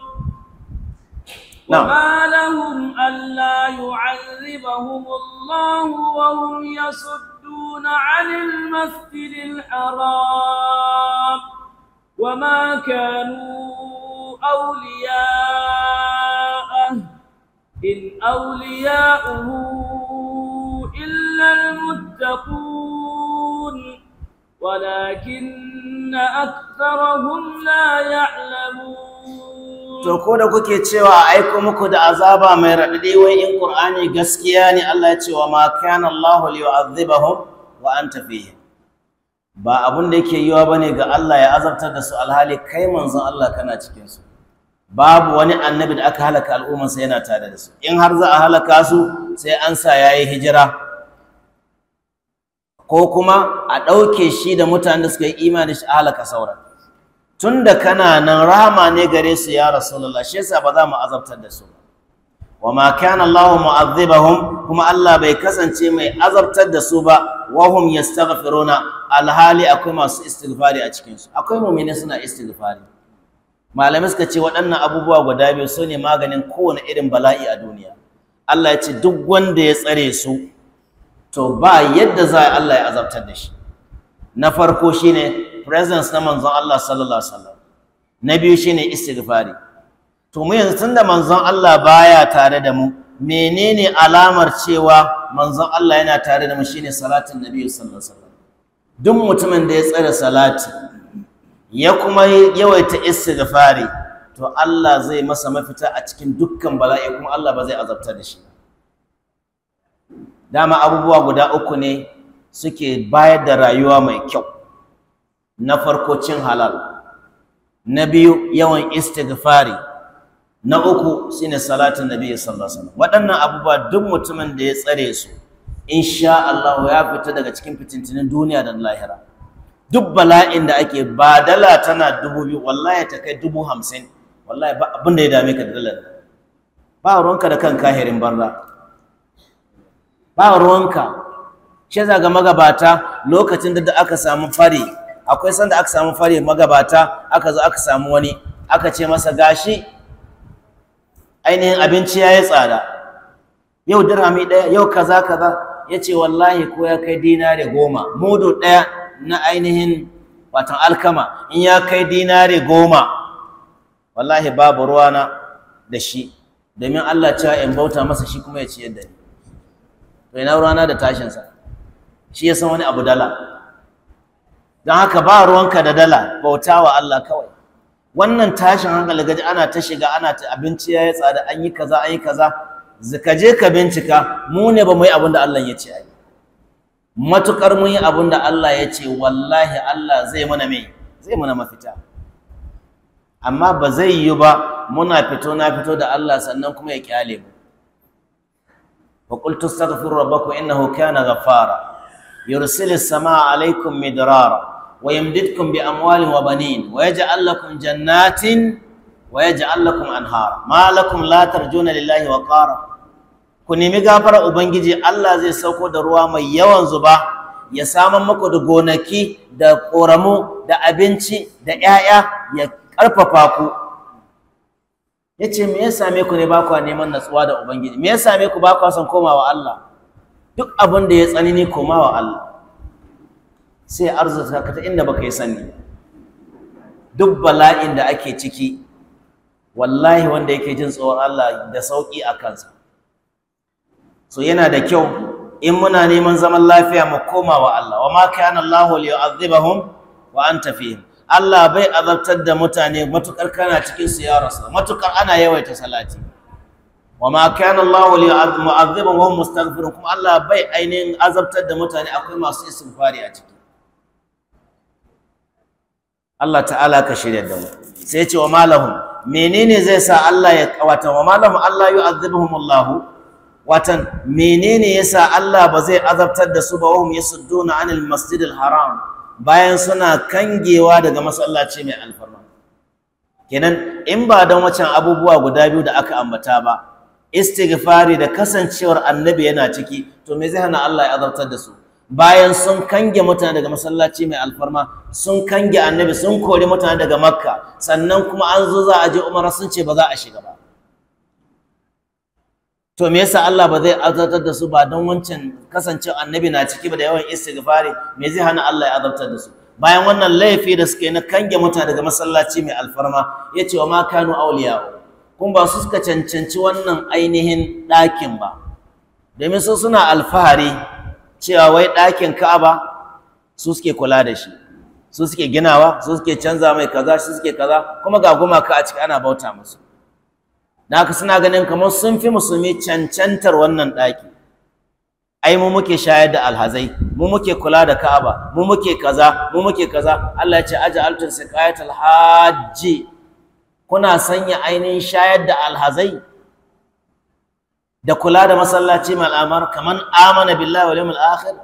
نعم. وما لهم ألا يعذبهم الله وهم يصدون عن المسجد الحرام وما كانوا أولياءه إن أولياؤه إلا المتقون ولكن أكثرهم لا يعلمون to ko da kuke cewa aiko muku da azaba mai raɗaɗi wai in Ƙur'ani gaskiya ne Allah ya ce wa ma kana Allahu liyu'adhibahum wa anta fihim ba abin da yake yiwa ba ne ga Allah ya azabtar da su alhali kai manzon Allah kana cikin su babu wani annabi da aka halaka al'umman sa yana tare da su in har za a halaka su sai an sa yayi hijira ko kuma a ɗauke shi da mutanen da suka yi imani shi a halaka sauran tunda kana nan rahama ne gare su ya rasulullah shi yasa ba za mu azabtar da su ba wa ma kana Allah mu'adhibahum kuma Allah bai kasance mai azabtar da su ba wa hum yastaghfiruna alhali akwai masu istighfari a cikinsu. akwai mu'mini suna istighfari malamai suka ce waɗannan abubuwa guda biyu su maganin kowane irin bala'i a duniya Allah ya ce duk wanda ya tsare su to ba yadda za a Allah ya azabtar da shi na farko shine presence na manzon Allah sallallahu alaihi na biyu shine istighfari to mu yanzu tunda manzon Allah baya tare da mu menene alamar cewa manzon Allah yana tare da mu shine salatin nabi sallallahu alaihi wasallam duk mutumin da ya tsara salati ya kuma yawaita istighfari to Allah zai masa mafita a cikin dukkan bala'i kuma Allah ba zai azabta da shi dama abubuwa guda uku ne suke bayar da rayuwa mai kyau na farko cin halal na biyu yawan istighfari na uku ne salatin nabi sallallahu alaihi wasallam waɗannan abubuwa duk mutumin da ya tsare su insha Allah ya fita daga cikin fitintinin duniya da lahira duk bala'in da ake ba dala tana dubu biyu wallahi ta kai dubu hamsin wallahi ba abin da ya dame ka dalar ba ruwanka da kan kahirin barra ba ruwanka shi za ga magabata lokacin da aka samu fari akwai sanda aka samu fari magabata aka zo aka samu wani aka ce masa gashi ainihin abinci ya yi tsada yau dirhami ɗaya yau kaza kaza ya ce wallahi ko ya kai dinari goma mudu ɗaya na ainihin watan alkama in ya kai dinari goma wallahi babu ruwana da shi domin Allah cewa in bauta masa shi kuma ya ci yadda ni to ina ruwana da tashinsa shi ya san wani abu dala don haka ba ruwanka da dala bauta wa Allah kawai wannan tashin hankali gaji ana ta shiga ana ta abinci ya yi tsada an yi kaza an yi kaza ka je ka bincika mu ne ba mu yi abin da Allah ya ce a yi matuƙar mun yi abin da Allah ya ce wallahi Allah zai mana mai zai mana mafita amma ba zai yi ba muna fito na fito da Allah sannan kuma ya kyale mu wa qul tastaghfiru rabbakum innahu kana ghaffara yursilis samaa alaikum midrara wa yamdidkum bi amwalin wa banin wa yaj'al lakum jannatin wa yaj'al lakum anhara ma lakum la lillahi wa qara ku nemi gafara ubangiji Allah zai sauko da ruwa mai yawan zuba ya saman maku da gonaki da koramu da abinci da 'ya'ya ya karfafa ku yace me ya same ku ne ba ku neman natsuwa da ubangiji me ya same ku ba ku son komawa Allah duk abin da ya tsanani komawa Allah sai arzuta ka ta inda baka yi sani duk bala'in da ake ciki wallahi wanda yake jin tsoron Allah da sauki a kansa so yana da kyau in muna neman zaman lafiya mu koma wa Allah wa ma kana Allahu liyu'adhibahum wa anta fihim Allah bai azabtar da mutane matukar kana cikin su ya rasul matukar ana yawaita salati wa ma kana Allahu liyu'adhibahum wa hum mustaghfirun kuma Allah bai ainihin azabtar da mutane akwai masu istighfari a ciki Allah ta'ala ka shirya da mu sai ce wa malahum menene zai sa Allah ya watan wa malahum Allah yu'adhibuhum Allah watan menene yasa Allah ba zai azabtar da su ba wahum yasudduna anil masjidil haram bayan suna kangewa daga masallaci mai alfarma kenan in ba don wacan abubuwa guda biyu da aka ambata ba istighfari da kasancewar annabi yana ciki to me zai hana Allah ya azabtar da su bayan sun kange mutane daga masallaci mai alfarma sun kange annabi sun kori mutane daga makka sannan kuma an zo za a je umara sun ce ba za a shiga ba to me yasa Allah ba zai azabtar da su ba don wancan kasancin annabi na ciki ba da yawan istighfari me zai hana Allah ya azabtar da su bayan wannan laifi da suka yi na kange mutane daga masallaci mai alfarma ya ce wa ma kanu awliya'u kuma ba su suka cancanci wannan ainihin ɗakin ba domin su suna alfahari cewa wai ɗakin Ka'aba su suke kula da shi su suke ginawa su suke canza mai kaza su suke kaza kuma ga gumaka a ciki ana bauta musu da ka suna ganin kamar sun fi musulmi cancantar wannan ɗaki ai mu muke shayar da alhazai mu muke kula da Ka'aba mu muke kaza mu muke kaza Allah ya ce aj'altu siqayatal hajji kuna sanya ainihin shayar da alhazai da kula da masallaci mai al'amar kamar amana billahi wal yawmil akhir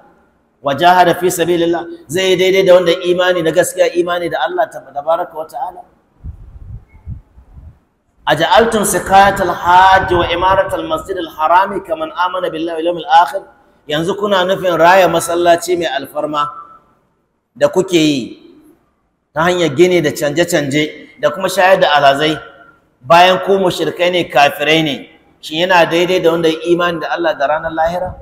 wa jahada fi sabilillah zai yi daidai da wanda imani na gaskiya imani da Allah ta tabaraka wa ta'ala aja'altum sikayatal hajj wa imaratal masjidil harami kamar amana billahi wal yawmil akhir yanzu kuna nufin raya masallaci mai alfarma da kuke yi ta hanyar gini da canje-canje da kuma shayar da alazai bayan ku mushrikai ne kafirai ne shi yana daidai da wanda ya imani da Allah da ranar lahira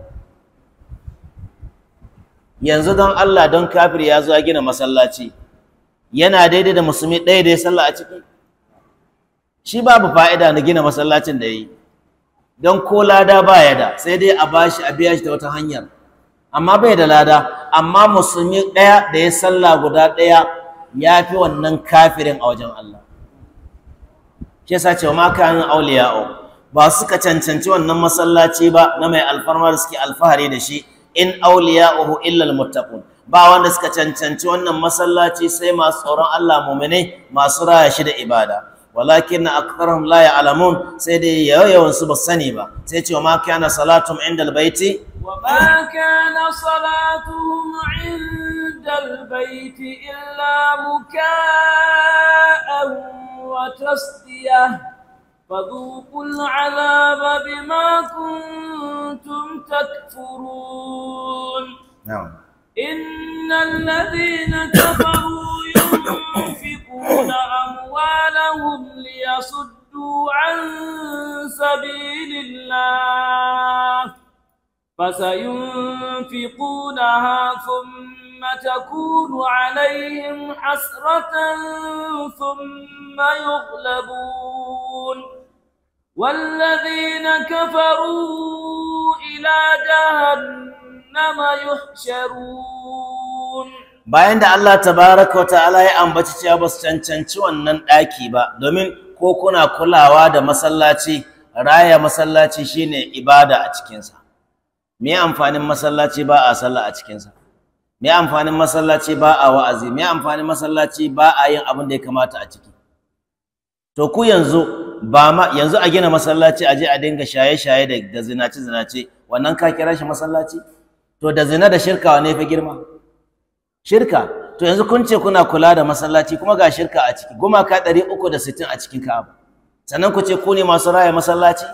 yanzu don Allah don kafir ya zuwa gina masallaci yana daidai da musulmi ɗaya da ya sallah a ciki shi babu fa'ida na gina masallacin da yi don ko lada ba ya da sai dai a bashi a biya shi ta wata hanyar amma bai da lada amma musulmi ɗaya da ya sallah guda ɗaya ya fi wannan kafirin a wajen Allah shi yasa ce wa ma kanin auliya'u ba suka cancanci wannan masallaci ba na mai alfarma da suke alfahari da shi in awliya'uhu illal almuttaqun ba wanda suka cancanci wannan masallaci sai masu tsoron Allah mu'mine masu raya shi da ibada walakin aktharuhum la ya'lamun sai dai yawan su ba sani ba sai ce ma kana salatum inda albayti wa ma kana salatuhum inda albayti illa muka'an wa tasdiyah فذوقوا العذاب بما كنتم تكفرون نعم إن الذين كفروا ينفقون أموالهم ليصدوا عن سبيل الله فسينفقونها ثم تكون عليهم حسرة ثم يغلبون والذين كفروا إلى جهنم يحشرون bayan da Allah tabaraka wa ta'ala ya ambaci cewa ba su cancanci wannan daki ba domin ko kuna kulawa da masallaci raya masallaci shine ibada a cikinsa me amfanin masallaci ba a sallah a cikinsa me amfanin masallaci ba a wa'azi me amfanin masallaci ba a yin abin da ya kamata a ciki to ku yanzu ba ma yanzu a gina masallaci a je a dinga shaye-shaye da zinace-zinace wannan ka kira shi masallaci to da zina da shirka ne fa girma shirka to yanzu kun ce kuna kula da masallaci kuma ga shirka a ciki gumaka ɗari uku da sittin a cikin ka'aba sannan ku ce ku ne masu raya masallaci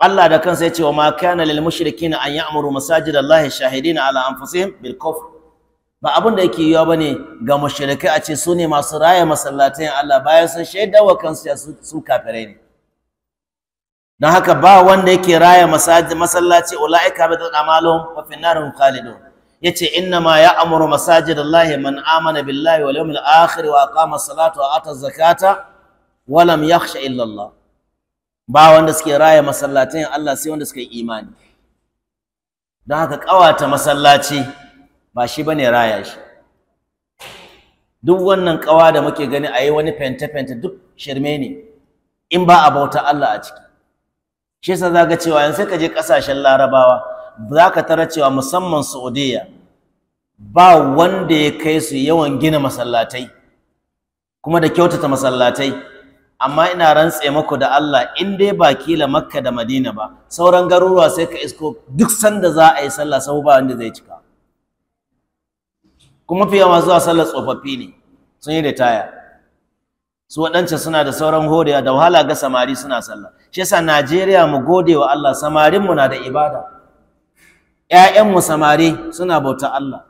Allah da kansa ya ce wa ma kana lil mushrikin an ya'muru masajidallahi shahidina ala anfusihim bil kufr ba abin da yake yiwa bane ga mushrikai a ce su ne masu raya masallatan Allah bayan sun shaida wa kansu su kafirai ne don haka ba wanda yake raya masallaci ulaika bi amalihim wa fi narihim khalidun yace inna ma ya'muru masajidallahi man amana billahi wa yawmil akhir wa aqama salata wa ata zakata wa lam yakhsha illa Allah ba wanda suke raya masallatan Allah sai wanda suke imani don haka kawata masallaci ba shi bane raya shi duk wannan kawa da muke gani a yi wani fente-fente duk shirme ne in ba a bauta Allah a ciki shi yasa za cewa yanzu ka je kasashen larabawa zaka tara cewa musamman saudiya ba wanda ya kai su yawan gina masallatai kuma da kyautata masallatai amma ina rantse maku da Allah in dai ba kila makka da madina ba sauran garuruwa sai ka isko duk sanda za a yi sallah sau ba wanda zai cika kuma fiye ma zuwa sallar tsofaffi ne sun yi ritaya su waɗancan suna da sauran horiya da wahala ga samari suna sallah shi yasa Najeriya mu gode wa Allah samarin na da ibada ƴaƴan samari suna bauta Allah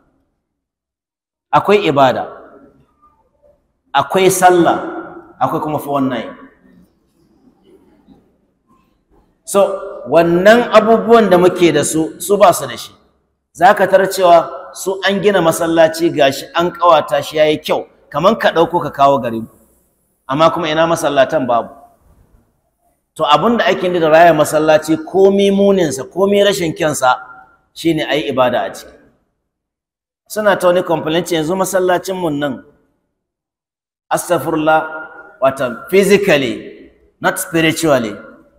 akwai ibada akwai sallah akwai kuma fi wannan so wannan abubuwan da muke da su su ba su da shi zaka tar cewa su an gina masallaci gashi an kawata shi yayi kyau kaman ka dauko ka kawo garin amma kuma ina masallatan babu to abin da ake da raya masallaci komi muninsa komi rashin sa shine ayi ibada a ciki suna ta wani complaint yanzu masallacin mun nan astaghfirullah wata physically not spiritually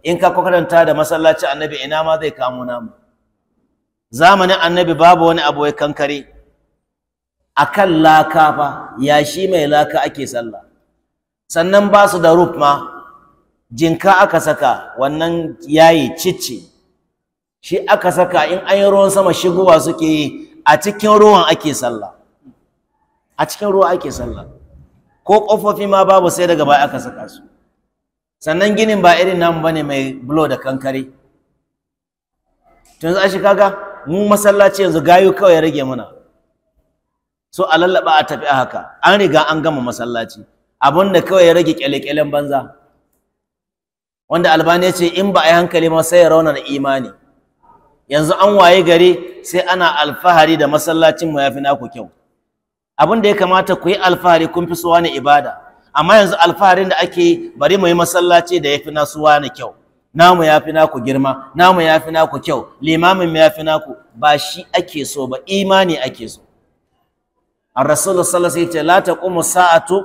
in ka kwatanta da masallaci annabi ina ma zai kamo namu zamanin annabi babu wani abu ya kankare kan laka fa yashi mai laka ake sallah sannan ba su da roof ma jinka aka saka wannan yayi cicci shi aka saka in an yi ruwan sama shigowa suke yi a cikin ruwan ake sallah a cikin ruwa ake sallah ko ƙofofi ma babu sai daga baya aka saka su sannan ginin ba irin namu bane mai bulo da kankare tun za shi kaga mu masallaci yanzu gayu kawai ya rage mana so a lallaba a tafi a haka an riga an gama masallaci abin da kawai ya rage kyale-kyalen banza wanda albani ya ce in ba a yi hankali ma sai ya rauna da imani yanzu an waye gari sai ana alfahari da masallacin mu yafi naku kyau abin da ya kamata ku yi alfahari kun fi suwa ibada amma yanzu alfaharin da ake bari mu yi masallaci da ya na suwa na kyau namu ya fi naku girma namu ya fi naku kyau limamin ya fi naku ba shi ake so ba imani ake so a rasulun salasai ce wasallam ta kuma sa'atu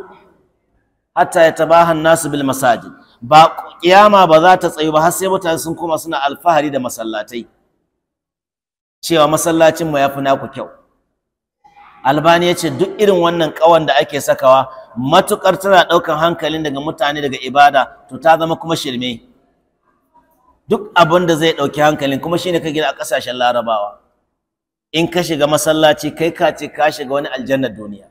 hatta yatabaha hannu nasu bil masaji ba kiyama ba za ta tsayu ba har sai mutane sun koma suna alfahari da masallatai cewa masallacin mu ya fi naku kyau albani ya ce duk irin wannan kawan da ake sakawa matukar tana daukan hankalin daga mutane daga ibada to ta zama kuma shirme duk abin da zai ɗauki hankalin kuma shine ka gina a ƙasashen larabawa in ka shiga masallaci kai ka ce ka shiga wani aljannar duniya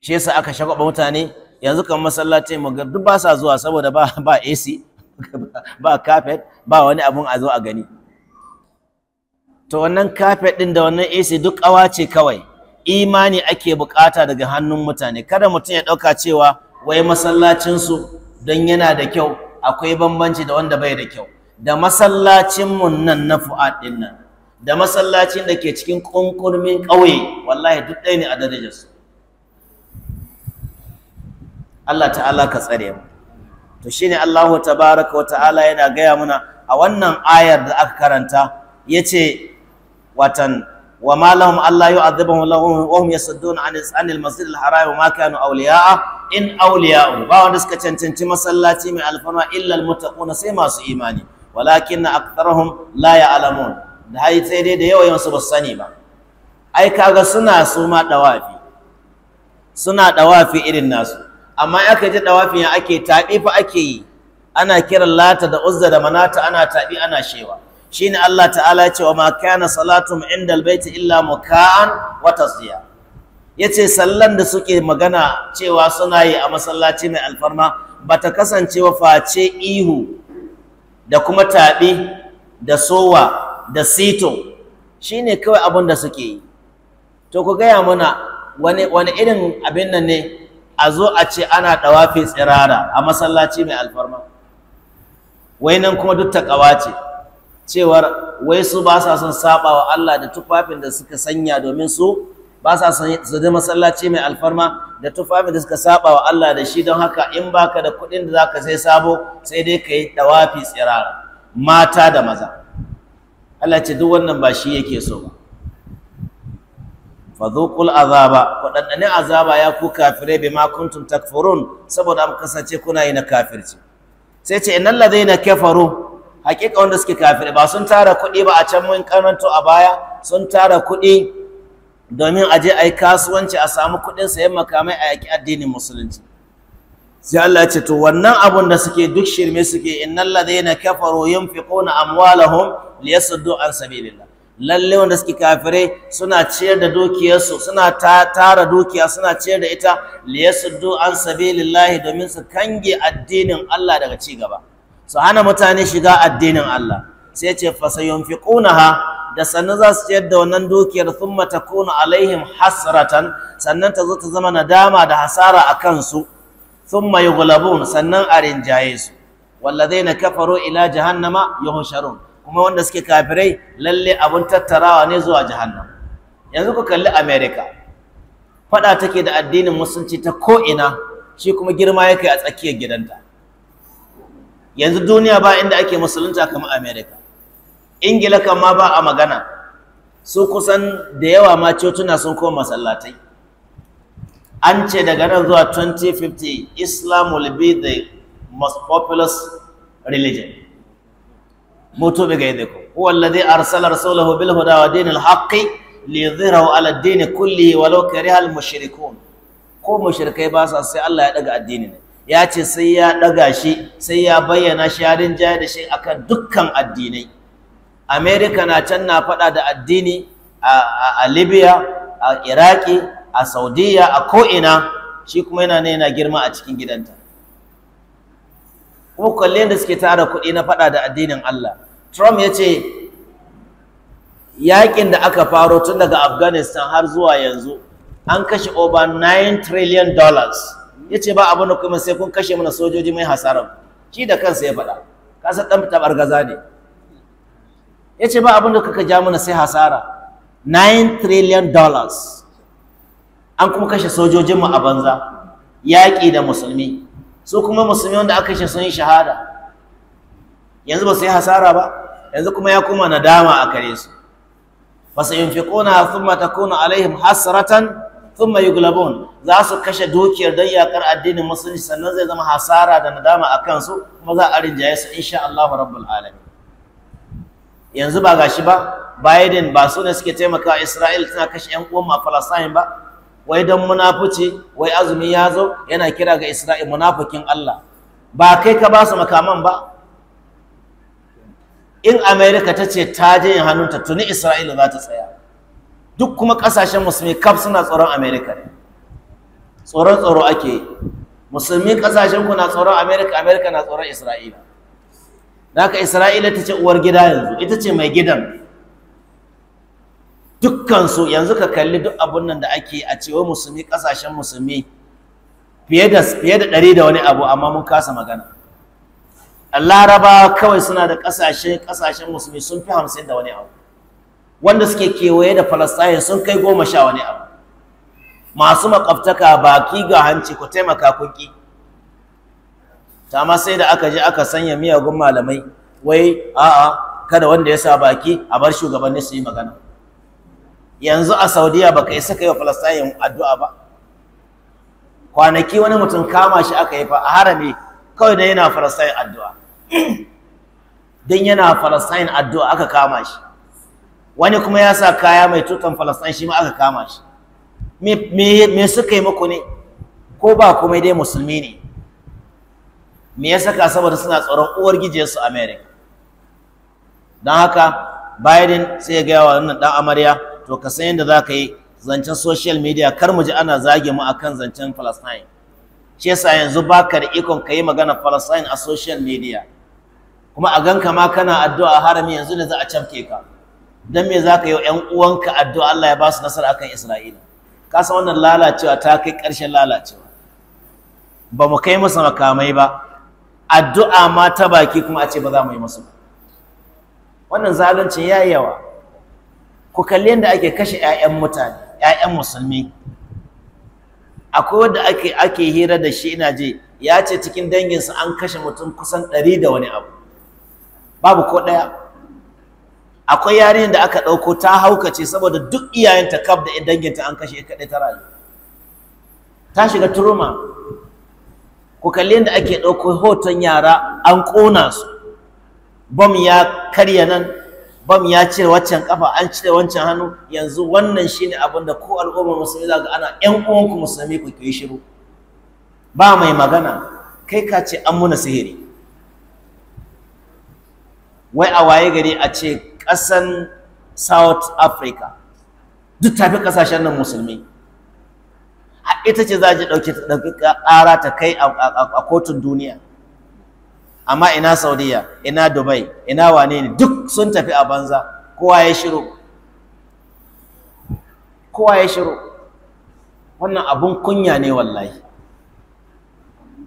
shi yasa aka shagwaba mutane yanzu kan masallaci mu duk ba sa zuwa saboda ba ba AC *laughs* ba carpet ba wani abun a zo a gani to wannan carpet din da wannan AC duk ƙawa ce kawai imani ake bukata daga hannun mutane kada mutum ya dauka cewa wai masallacin su don yana da kyau akwai bambanci da wanda bai da kyau da masallacinmu nan na fu'ad ɗin nan da masallacin da ke cikin ƙunƙurmin ƙauye wallahi duk ɗaya ne a darajarsu Allah ta'ala ka tsare mu to shine Allah tabaraka wa ta'ala yana gaya muna a wannan ayar da aka karanta yace watan وما لهم الله يعذبهم لهم وهم يصدون عن عن المسجد الحرام وما كانوا اولياء ان اولياء با wanda suka cancanci masallaci mai alfarma illa almuttaqun sai masu imani walakin aktharuhum la ya'lamun da hai sai dai da yawa yansu ba su sani ba ai kaga suna suma ma suna dawafi irin nasu amma ya kaje dawafin ya ake tabi fa ake yi ana kiran lata da uzza da manata ana tabi ana shewa shine Allah ta'ala ya ce wa ma kana salatum indal baiti illa muka'an wa tasdiya yace sallan da suke magana cewa suna yi a masallaci mai alfarma bata kasance wa face ihu da kuma tabi da sowa da sito shine kawai abin da suke yi to ku gaya mana wani wani irin abin nan ne a zo a ce ana dawafi tsirara a masallaci mai alfarma wainan kuma duk ta ce cewar wai su ba sa son saba wa Allah da tufafin da suka sanya domin su ba sa son su da masallaci mai alfarma da tufafin da suka saba wa Allah da shi don haka in baka da kuɗin da za ka sai sabo sai dai ka yi dawafi tsirara mata da maza Allah ce duk wannan ba shi yake so ba fadhuqul azaba ku azaba ya ku kafire bima kuntum takfurun saboda an kasance kuna yi na kafirci sai ce innal na kafaru hakika wanda suke kafir ba sun tara kuɗi ba a can mun karanto a baya sun tara kuɗi domin a je a yi kasuwanci a samu kuɗin sayan makamai a yaƙi addinin musulunci sai Allah ya ce to wannan abun da suke duk shirme suke innal ladaina kafaru yunfiquna amwalahum liyasuddu an sabilillah lalle wanda suke kafire suna ciyar da dukiyarsu suna tara dukiya suna ciyar da ita liyasuddu an sabilillah domin su kange addinin Allah daga ci gaba su hana mutane shiga addinin Allah sai ce fasayunfiqunaha da sannan za su ciyar da wannan dukiyar sun mata kuna alaihim hasratan sannan ta zo ta zama nadama da hasara a kansu sun mai gulabun sannan a rinjaye su na kafaru ila jahannama yuhsharun kuma wanda suke kafirai lalle abun tattarawa ne zuwa jahannam yanzu ku kalli Amerika fada take da addinin musulunci ta ko'ina, shi kuma girma ya kai a tsakiyar gidanta yanzu duniya ba inda ake musulunta kamar america ingila kan ma ba a magana su kusan da yawa ma cocina sun koma masallatai an ce daga nan zuwa 2050 islam will be the most populous religion mutu bi gaidikum huwa alladhi arsala rasulahu bil huda wa dinil haqqi liyudhhirahu ala ad-din kullihi walau kariha al mushrikun ko mushrikai ba sa sai Allah ya daga addini ne ya ce sai ya ɗaga shi sai ya bayyana shi ya rinjaye da shi akan dukkan addinai Amerika na can na faɗa da addini a libya a iraki a saudiya a ko'ina shi kuma yana ne yana girma a cikin gidanta kuma kalle da suke tara kuɗi na faɗa da addinin allah trump ya ce yaƙin da aka faro tun daga afghanistan har zuwa yanzu an kashe over 9 trillion dollars ya ce ba abin da kuma sai kun kashe mana sojoji mai hasarar shi da kansa ya faɗa kasa ɗan gaza ne ya ce ba abin da kuka ja mana sai hasara 9 trillion dollars an kuma kashe sojojinmu a banza yaƙi da musulmi su kuma musulmi wanda aka kashe sun yi shahada yanzu ba su yi hasara ba yanzu kuma ya kuma nadama a kare su ba su yin kuna sun matakona alaihim hasaratan. thumma yuglabun za su kashe dukiyar don yakar addinin musulunci sannan zai zama hasara da nadama a kansu kuma za a rinjaye su insha Allah rabbul alamin yanzu ba gashi ba Biden ba su ne suke taimaka Isra'il suna kashe ƴan uwan ma Palestine ba wai dan munafici wai azumi ya zo yana kira ga Isra'il munafikin Allah ba kai ka ba su makaman ba in America ta ce ta je hannunta tuni Isra'il za ta tsaya duk kuma kasashen musulmi kaf suna tsoron Amerika. tsoron tsoro ake yi musulmi kasashen ku na tsoron Amerika? Amerika na tsoron isra'ila aka isra'ila ta ce uwar gida yanzu ita ce mai gidan dukkansu yanzu ka kalli duk abun nan da ake a cewa musulmi kasashen musulmi fiye da fiye da ɗari da wani abu amma mun kasa magana larabawa kawai suna da kasashe kasashen musulmi sun fi hamsin da wani abu wanda suke kewaye da Falastayin sun kai goma sha wani abu masu makwabtaka baki ga hanci ku taimaka kuki. ta ma sai da aka je aka sanya miyagun malamai wai a'a kada wanda ya sa baki a bar shugabanni su yi magana yanzu a saudiya baka saka yi wa Falastayin addu'a ba kwanaki wani mutum kama shi aka yi fa a harami kawai da yana Falastayin addu'a *clears throat* don yana Falastayin addu'a aka kama shi wani kuma ya sa kaya mai tutan falastan shi ma aka kama shi me suka yi muku ne ko ba komai dai musulmi ne me ya saka saboda suna tsoron uwar gijiyarsu america don haka biden sai ya gaya wa wannan dan amarya to ka san yadda za ka yi zancen social media kar mu ji ana zage mu akan zancen palestine shi yasa yanzu ka da ikon ka yi magana palestine a social media kuma a ganka ma kana addu'a harami yanzu ne za a camke ka dan me zaka yi 'yan uwanka addu'a Allah ya ba su nasara akan Isra'ila ka san wannan lalacewa ta kai ƙarshen lalacewa ba mu kai masa makamai ba addu'a ma ta baki kuma a ce ba za mu yi masu wannan zaluncin ya yi yawa ku kalli yadda ake kashe 'ya'yan mutane 'ya'yan musulmi akwai wanda ake ake hira da shi ina je ya ce cikin danginsa an kashe mutum kusan ɗari da wani abu babu ko ɗaya akwai yarinyar da aka ɗauko ta haukace saboda duk iyayenta kaf da danginta an kashe kaɗai ta rayu ta shiga turma ku kalli yadda ake ɗauko hoton yara an kona su bam ya karya nan bam ya cire waccan kafa an cire wancan hannu yanzu wannan shine abin da ko al'ummar musulmi za ga ana ƴan uwanku musulmi ku yi shiru ba mai magana kai ka ce an muna sihiri wai a waye gari a ce ƙasan south africa duk tafi ƙasashen nan musulmi A ita ce za ji ɗauki ƙara ta kai a kotun duniya amma ina saudiya ina dubai ina wane ne duk sun tafi a banza kowa ya shiro kowa ya shiro wannan abun kunya ne wallahi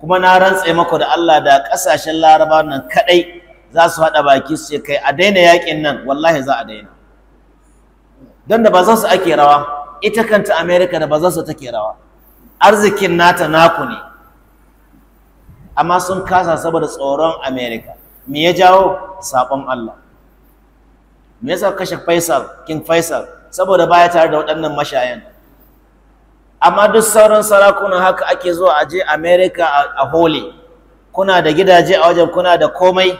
kuma na rantse mako da allah da ƙasashen laraba nan kaɗai za su haɗa baki su ce kai a daina yaƙin nan wallahi za a daina don da ba za su ake rawa ita kanta Amerika da ba za su take rawa arzikin nata naku ne amma sun kasa saboda tsoron Amerika, me ya jawo saƙon allah me yasa kashe faisal king faisal saboda baya tare da waɗannan mashayan amma duk sauran sarakunan haka ake zuwa a je america a hole kuna da gidaje a wajen kuna da komai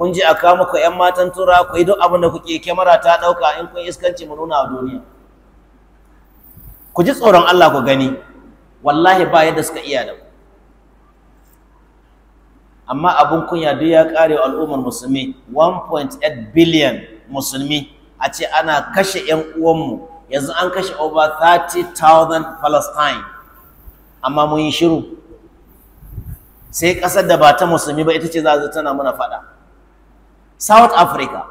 kun ji a kawo muku yan matan tura ku yi duk abin da kuke kyamara ta ɗauka in kun iskanci mu nuna a duniya ku ji tsoron Allah ku gani wallahi ba yadda suka iya da amma abun kunya duk ya kare al'ummar musulmi 1.8 billion musulmi a ce ana kashe 'yan uwanmu yanzu an kashe over 30,000 palestine amma mun yi shiru sai ƙasar da ba ta musulmi ba ita ce za a tana muna faɗa South Africa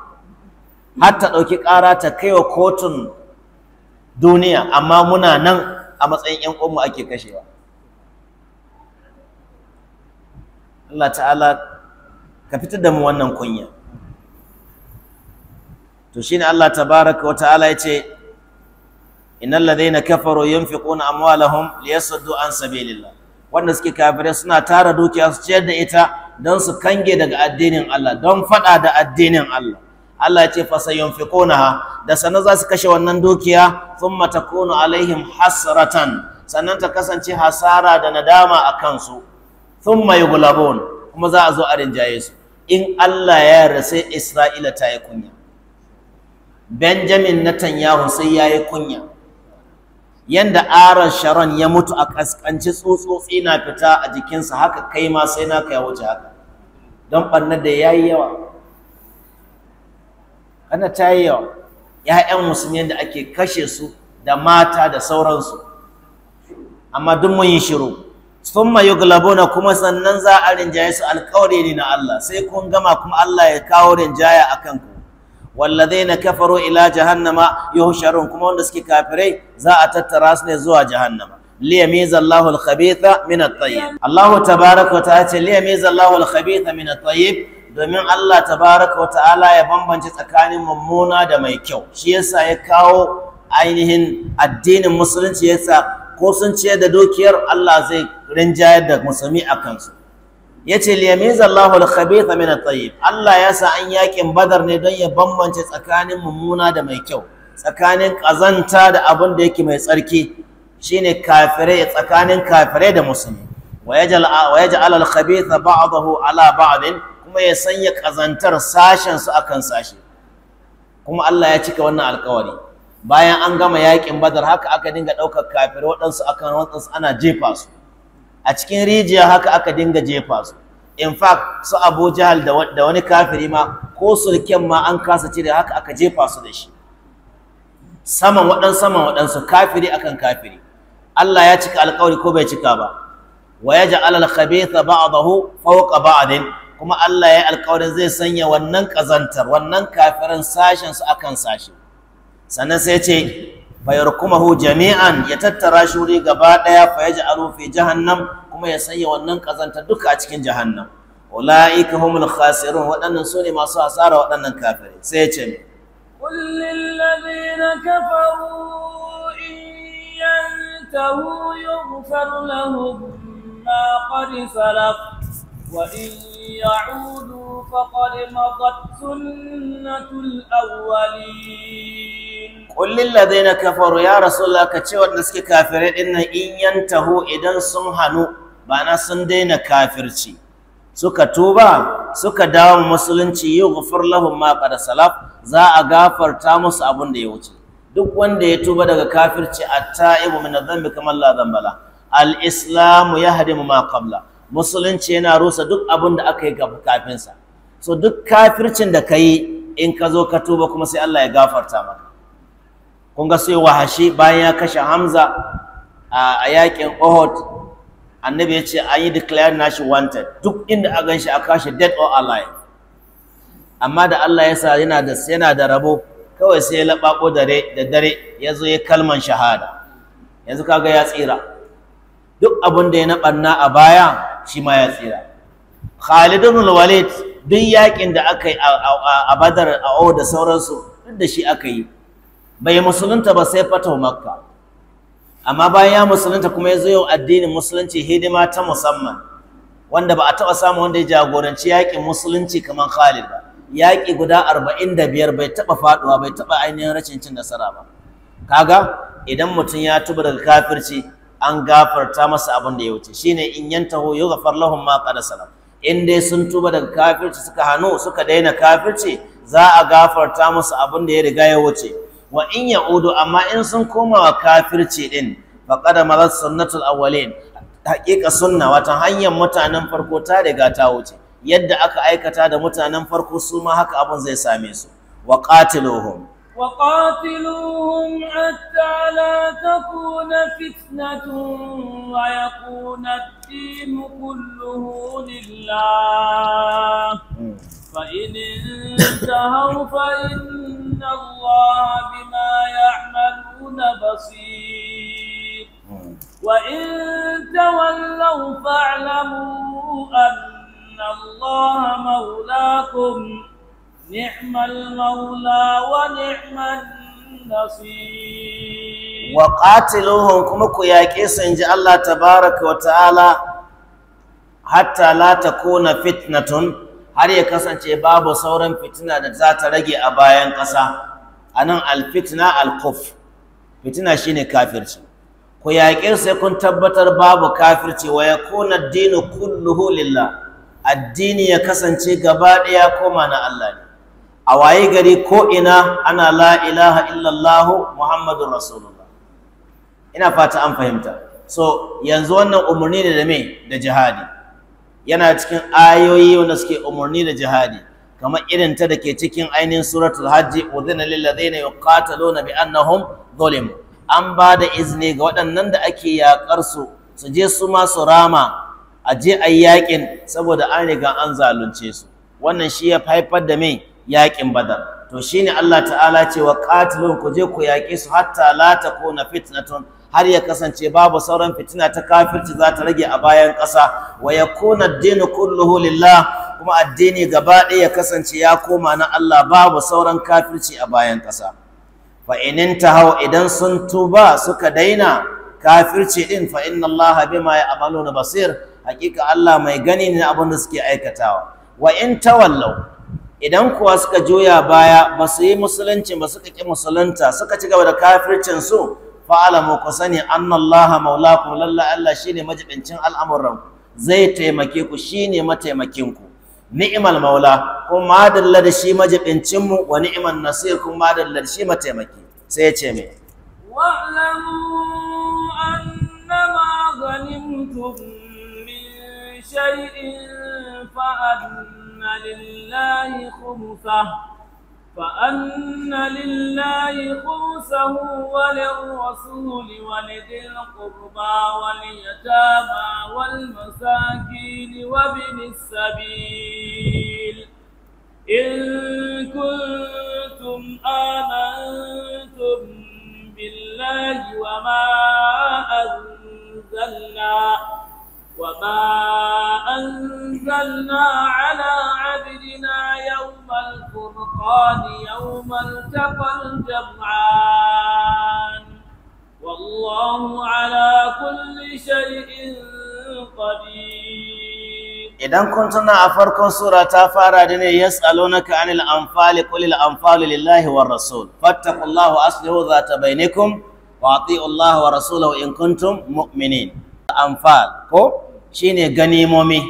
har ta ɗauki ƙara ta kai wa kotun duniya amma muna nan a matsayin 'yan ƙonmu ake kashewa Allah ta'ala ka fitar da mu wannan kunya to shi ne Allah ta baraka wa ta'ala yace innal ladhayna kafaru yunfiquna amwalahum liyasuddu an sabilillah wanda suke kafirai suna tara dukiya su ciyar da ita don su kange daga addinin Allah don faɗa da addinin Allah Allah ya ce fasayunfiqunaha da sanan za su kashe wannan dukiya thumma takunu alaihim hasratan sannan ta kasance hasara da nadama a kansu thumma yughlabun kuma za a zo a rinjaye su in Allah ya rasa Isra'ila ta yi kunya Benjamin Netanyahu sai ya yi kunya yanda aran Sharon ya mutu a kaskanci tsutsotsi na fita a jikinsa haka kai ma sai na kai wuce haka don ɓannar da ya yi yawa kana ta yi yawa ‘ya'yan musulmi da ake kashe su da mata da sauransu amma duk mun yi shiru sun mayu galabona kuma sannan za a rinjaye su alkawari ne na Allah sai kun gama kuma Allah ya kawo rinjaya a kanku wallazai na kafaro ila jahannama yau sharon kuma wanda suke kafirai za a tattara su ne zuwa jahannama liyamiza Allahu al-khabitha min at Allahu tabaaraka wa ta'ala ce liyamiza domin Allah tabaaraka wata'ala ya bambance tsakanin mummuna da mai kyau shi yasa ya kawo ainihin addinin musulunci yasa ko sun ciyar da dukiyar Allah zai rinjayar da musulmi a kansu yace liyamiza Allahu al-khabitha min at-tayyib Allah yasa an yakin Badar ne don ya bambance tsakanin mummuna da mai kyau tsakanin ƙazanta da abin da yake mai tsarki shine kafirai tsakanin kafire da musulmi wa yaj'al ba khabitha ba'dahu ala ba'din kuma ya sanya kazantar sashen su akan sashe. kuma Allah ya cika wannan alkawari bayan an gama yakin badar haka aka dinga ɗaukar kafirai waɗansu akan waɗansu ana jefa su a cikin rijiya haka aka dinga jefa su in fact su Abu Jahal da wani kafiri ma ko sulken ma an kasa cire haka aka jefa su da shi saman waɗansu kafiri akan kafiri Allah ya cika alƙawari ko bai cika ba wa yaj'al al-khabitha ba'dahu fawqa ba'din kuma Allah ya alƙawarin zai sanya wannan kazantar, wannan kafirin sashen su akan sashi sannan sai ce fayarkumahu jami'an ya tattara wuri gaba daya fa yaj'alu fi jahannam kuma ya sanya wannan kazantar duka a cikin jahannam ulaika humul khasirun waɗannan su ne masu hasara waɗannan kafirai sai ya ce قل للذين كفروا ينتهوا يغفر لهم ما قد سلف وإن يعودوا فقد مضت سنة الأولين قل للذين كفروا يا رسول الله كتشوى نسك كافرين إن إن ينتهوا إذا سنهنوا بأنا سندين كافرتي suka tuba suka dawo musulunci yughfir lahum ma qad salaf za a gafarta musu abin da ya wuce duk wanda ya tuba daga kafirci a taibu min adh-dhanbi kama la dhanbala al-islamu yahdimu ma qabla musulunci yana rusa duk abin da aka yi kafin sa so duk kafircin da kai in ka zo ka tuba kuma sai Allah ya gafarta maka kun ga sai wahashi bayan ya kashe Hamza a yakin Uhud annabi ya ce an yi declare nashi wanted duk inda a ganshi a kashe dead or alive amma da Allah ya sa yana da rabo kawai sai ya laɓaɓo da dare ya zo ya kalman shahada yanzu kaga ya tsira duk abin da ya naɓanna a baya shi ma ya tsira khalidun walid duk yakin da aka yi a badar a o da sauransu duk da shi aka yi bai musulunta ba sai fata makka amma bayan ya musulunta kuma ya zo yau addinin musulunci hidima ta musamman wanda ba a taɓa samun wanda ya jagoranci yaƙin musulunci kamar Khalid ba yaƙi guda arba'in da biyar bai taɓa faɗuwa bai taɓa ainihin rashin cin nasara ba kaga idan mutum ya tuba daga kafirci an gafarta masa abin da ya wuce shine in yantahu gafar lahun ma ƙada salam in dai sun tuba daga kafirci suka hannu suka daina kafirci za a gafarta masa abin da ya riga ya wuce wa in ya udu amma in sun koma wa kafirci din ƙada malar sunnatul awwalin haƙiƙa sunna wata hanyar mutanen farko ta riga ta wuce yadda aka aikata da mutanen farko su ma haka abin zai same su wa qatiluhum wa qatiluhum hatta la takuna fitnatun wa yakuna ad-din kulluhu lillah hmm. fa in intahu fa inna Allah bima ya'maluna basir hmm. wa in tawallaw fa'lamu anna إن الله مولاكم نعم المولى ونعم النصير وقاتلوهم كما كياكيس إن جاء الله تبارك وتعالى حتى har ya kasance babu sauran fitina da za ta rage a bayan ƙasa a nan alfitna alkuf fitina shine kafirci ku yaƙe sai kun tabbatar babu kafirci wa yakuna dinu kulluhu lillah addini ya kasance gaba ɗaya koma na Allah ne a waye gari ko ina ana la ilaha illallah muhammadu rasulullah ina fata an fahimta so yanzu wannan umarni ne da me da jihadi yana cikin ayoyi wanda suke umarni da jihadi kamar irin ta da ke cikin ainihin suratul hajji udhina lil ladzina yuqataluna bi annahum zulimu an ba da izini ga waɗannan da ake yaƙar su su je su ma su rama a je a yi yaƙin saboda an riga an zalunce su wannan shi ya haifar da mai yaƙin badar to shi ne Allah ta'ala ce wa ƙatilun ku je ku yaƙe su hatta la kona fitnatun har ya kasance babu sauran fitina ta kafirci za ta rage a bayan ƙasa wa ya kona dinu kulluhu lillah kuma addini gaba ɗaya ya kasance ya koma na Allah babu sauran kafirci a bayan ƙasa fa inin hau idan sun tuba suka daina kafirci din fa inna Allah bima na basir hakika Allah mai gani ne abin da suke aikatawa wa in tawallau idan kuwa suka juya baya ba su yi musulunci ba suka ki musulunta suka ci gaba da kafircin su fa alamu ku sani annallaha maulakum lalla Allah shine majibincin al'amuran zai taimake ku shine mataimakin ku ni'mal maula kuma dalla da shi majibincin mu wa ni'man nasir kuma dalla da shi mataimaki sai ya ce me wa'lamu annama ghanimtum شيء فأن لله خمسه فأن لله خمسه وللرسول ولذي القربى واليتامى والمساكين وابن السبيل إن كنتم آمنتم بالله وما أنزلنا وما أنزلنا على عبدنا يوم الفرقان يوم التقى الجمعان والله على كل شيء قدير إذا كنتنا أفركم سورة تافارة دنيا يسألونك عن الأنفال قل الأنفال لله والرسول فاتقوا الله أصله ذات بينكم وأطيعوا الله ورسوله إن كنتم مؤمنين الأنفال كو shine ganimomi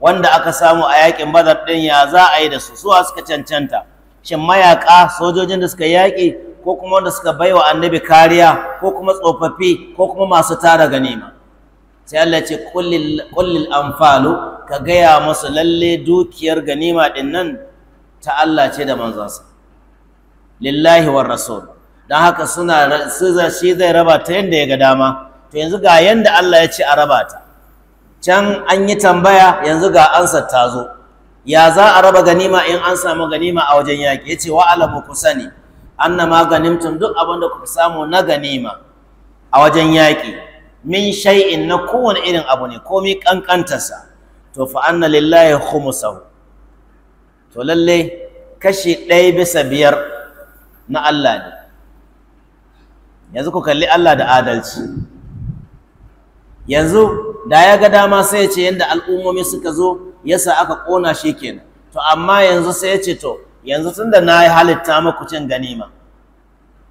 wanda aka samu a yakin badar din ya za a yi da su suwa suka cancanta shin mayaka sojojin da suka yaƙi, ko kuma wanda suka baiwa annabi kariya ko kuma tsofaffi ko kuma masu tara ganima sai Allah ce kullil anfalu ka gaya musu lalle dukiyar ganima din nan ta Allah ce da manzansa lillahi war rasul dan haka suna shi zai raba ta yanda ya ga dama to yanzu ga yanda Allah ya ce a raba ta can an yi tambaya yanzu ga ansar ta zo ya za a raba ganima in an samu ganima a wajen yaƙi ya ce wa'alamu ku sani annama ganimtum duk abin da kuka samu na ganima a wajen yaƙi min shay'in na kowane irin abu ne komai ƙanƙantarsa to fa anna lillahi khumsahu to lalle kashi ɗaya bisa biyar na Allah ne yanzu ku kalli Allah da adalci yanzu da ya ga dama sai ya ce yadda al'ummomi suka zo yasa aka ƙona shi kenan to amma yanzu sai ya ce to yanzu tun da na yi halitta muku cin ganima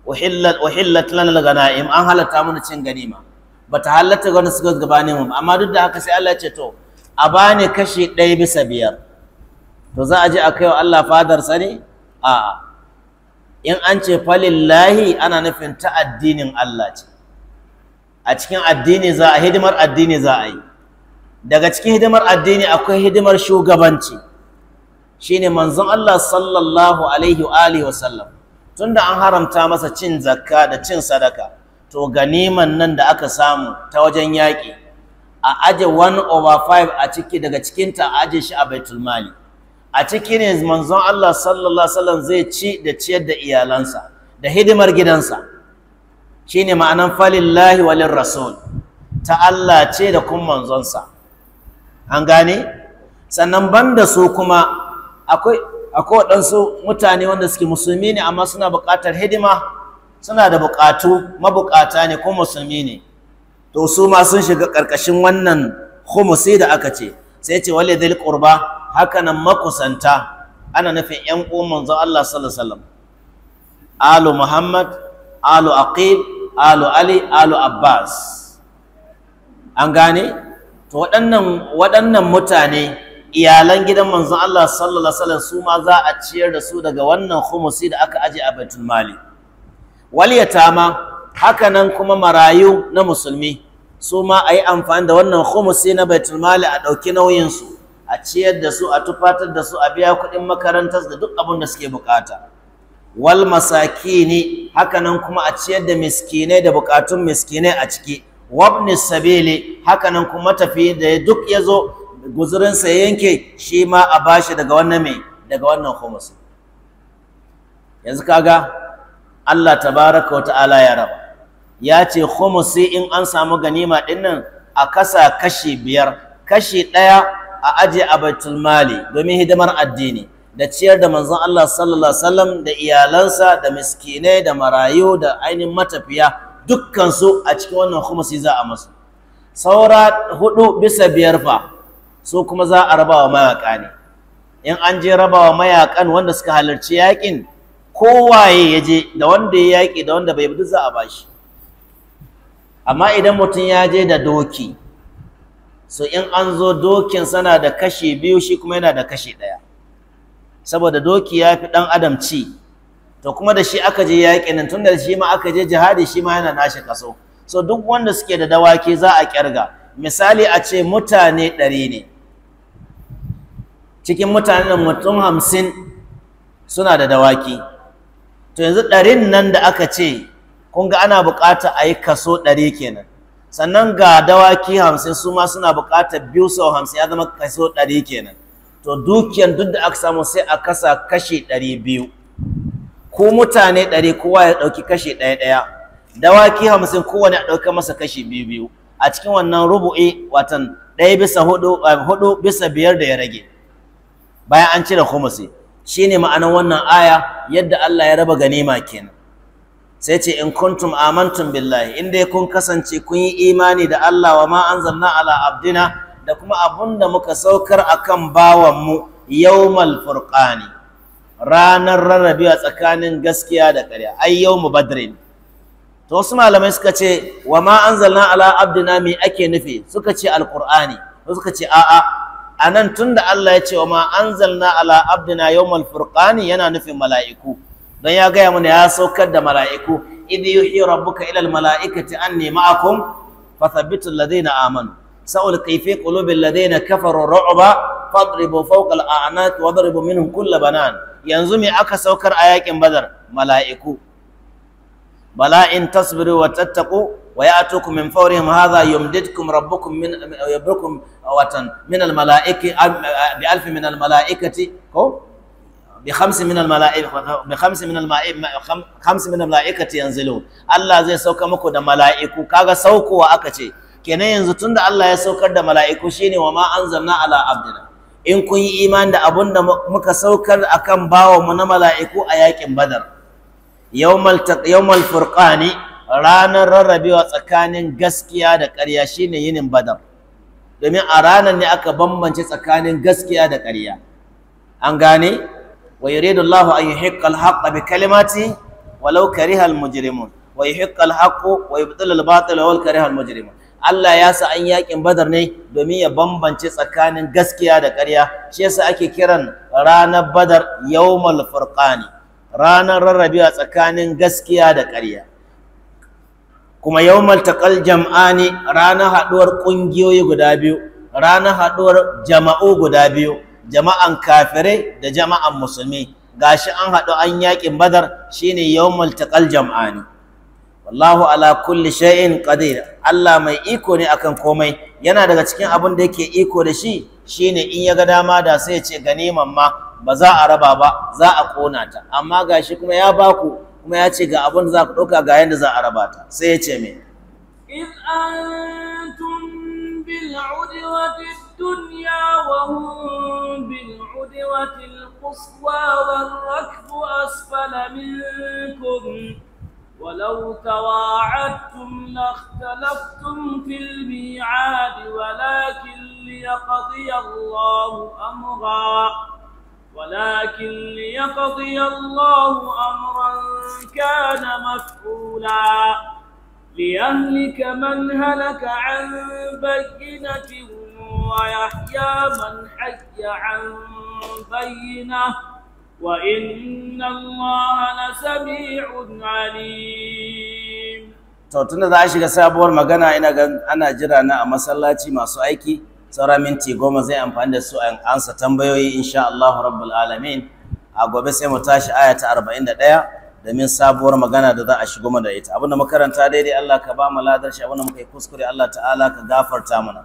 uhillat lana gana'im an halitta mana cin ganima Ba ta halatta ga suka gabane mu amma duk da haka sai Allah ya ce to a bani kashi ɗaya bisa biyar to za a je a kai wa Allah fadar sani, a'a in an ce falillahi ana nufin ta addinin Allah ce a cikin addini za a hidimar addini za a yi daga cikin hidimar addini akwai hidimar shugabanci shine manzon Allah sallallahu alaihi wa alihi wa sallam tunda an haramta masa cin zakka da cin sadaka to ganiman nan da aka samu ta wajen yaƙi a aje 1 over 5 a ciki daga cikin ta aje shi a baitul mali a ciki ne manzon Allah sallallahu alaihi sallam zai ci da ciyar da iyalansa da hidimar gidansa shine ma'anan falillahi walin rasul ta Allah ce da kun manzonsa an gane sannan banda su kuma akwai akwai waɗansu mutane wanda suke musulmi ne amma suna buƙatar hidima suna da buƙatu mabuƙata ne ko musulmi ne to su ma sun shiga ƙarƙashin wannan humusi da aka ce sai ce wale dil qurba hakanan makusanta ana nufin ƴan uwan manzon Allah sallallahu alu muhammad alu aqib alu ali alu abbas an gane to waɗannan waɗannan mutane iyalan gidan manzon Allah sallallahu alaihi wasallam su ma za a ciyar da su daga wannan khumusi da aka aje a baitul mali wal yatama haka nan kuma marayu na musulmi su ma ayi amfani da wannan khumusi na baitul mali a ɗauki nauyinsu a ciyar da su a tufatar da su a biya kuɗin makarantar da duk abin da suke bukata wal masakini hakanan kuma a ciyar da miskinai da bukatun miskinai a ciki wabni sabili hakanan kuma tafi da duk ya zo ya yanke shi ma a bashi daga wannan mai daga wannan khumusu yanzu kaga Allah tabaraka wa ta'ala ya raba ya ce khumusi in an samu ganima dinnan a kasa kashi biyar kashi ɗaya a aje a baitul mali domin hidimar addini da ciyar da manzon Allah sallallahu alaihi wasallam da iyalansa da miskinai da marayu da ainihin matafiya dukkan su a cikin wannan khumusi za a masu saura hudu bisa biyar fa su kuma za a raba wa mayaka ne in an je rabawa mayakan wanda suka halarci yakin kowaye ya je da wanda ya yaƙi da wanda bai duk za a bashi amma idan mutum ya je da doki so in an zo dokin sana da kashe biyu shi kuma yana da kashe ɗaya saboda doki ya fi ɗan adam ci to kuma da shi aka je yaƙi nan tun da shi ma aka je jihadi shi ma yana nashi kaso so duk wanda suke da dawaki za a ƙyarga misali a ce mutane ɗari ne cikin mutanen mutum hamsin suna da dawaki to yanzu ɗarin nan da aka ce kun ga ana buƙatar a yi kaso ɗari kenan sannan ga dawaki hamsin su ma suna buƙatar biyu sau hamsin ya zama kaso ɗari kenan to dukiyan duk da aka samu sai a kasa kashe ɗari biyu ko mutane ɗari kowa ya ɗauki kashe ɗaya ɗaya dawaki hamsin kowane a ɗauka masa kashe biyu biyu a cikin wannan rubu'i watan ɗaya bisa hudu eh, bisa biyar da ya rage bayan an cire 'Shi ne ma'anar wannan aya yadda Allah ya raba ganima kenan sai ce in kuntum amantum billahi in dai kun kasance kun yi imani da Allah wa ma anzalna ala abdina da kuma abun da muka saukar a kan bawanmu yawmal furqani ranar rarrabewa tsakanin gaskiya da ƙarya ai mu badrin to wasu malamai suka ce wa ma anzalna ala abdina me ake nufi suka ce alqur'ani suka ce a'a anan tunda Allah ya ce wa ma anzalna ala abdina yawmal furqani yana nufin mala'iku don ya gaya mana ya saukar da mala'iku idh yuhi rabbuka ila al mala'ikati anni ma'akum fathabbitu alladhina amanu سألقي في قلوب الذين كفروا الرعب فاضربوا فوق الأعناق واضربوا منهم كل بنان ينزمي أكا سوكر آياك بدر ملائكو بلا إن تصبروا وتتقوا ويأتوكم من فورهم هذا يمددكم ربكم من يبركم وطن من الملائكة بألف من الملائكة بخمس من الملائكة بخمس من الملائكة خمس من الملائكة ينزلون الله زي سوكا مكو دا ملائكو كاغا سوكو وأكتي kenan yanzu tunda Allah ya saukar da mala'iku shine wa ma anzalna ala abdina in kun yi imani da abun da muka saukar akan bawa mu na mala'iku a yakin badar yawmal yawmal ranar rarrabewa tsakanin gaskiya da ƙarya shine yinin badar domin a ranar ne aka bambance tsakanin gaskiya da ƙarya an gane wa yuridu Allahu an yi al-haqqa bi kalimati walau kariha al-mujrimun wa yuhiqqa al-haqqu wa yubtila al walau Allah ya sa an yaƙin Badar ne domin ya bambance tsakanin gaskiya da ƙarya shi yasa ake kiran ranar Badar yawmal furqani ranar rarrabewa tsakanin gaskiya da ƙarya kuma yawmal taqal jam'ani ranar haɗuwar ƙungiyoyi guda biyu ranar haɗuwar jama'u guda biyu jama'an kafirai da jama'an musulmi gashi an haɗu an yaƙin Badar shine yawmal taqal jam'ani wallahu ala kulli shay'in qadir Allah mai iko ne akan komai yana daga cikin abin da yake iko da shi shine in ya ga dama da sai ya ce ganiman ma ba za a raba ba za a kona ta amma gashi kuma ya baku kuma ya ce ga abin da za ku ɗauka ga yadda za a raba ta sai ya ce me wa أنتم بالعدوة الدنيا وهم بالعدوة القصوى والركب أسفل منكم ولو تواعدتم لاختلفتم في الميعاد ولكن ليقضي الله أمرا ولكن ليقضي الله أمرا كان مفعولا ليهلك من هلك عن بينة ويحيى من حي عن بينه وإن الله لسميع عليم to tunda za a shiga sabuwar magana ina ga ana jira na a masallaci masu aiki saura minti goma zai amfani da su an ansa tambayoyi insha Allah rabbul alamin a gobe sai mu tashi aya ta 41 domin sabuwar magana da za a shigo mu da ita abinda makaranta daidai Allah ka ba mu ladar shi abinda muka yi kuskure Allah ta'ala ka gafarta mana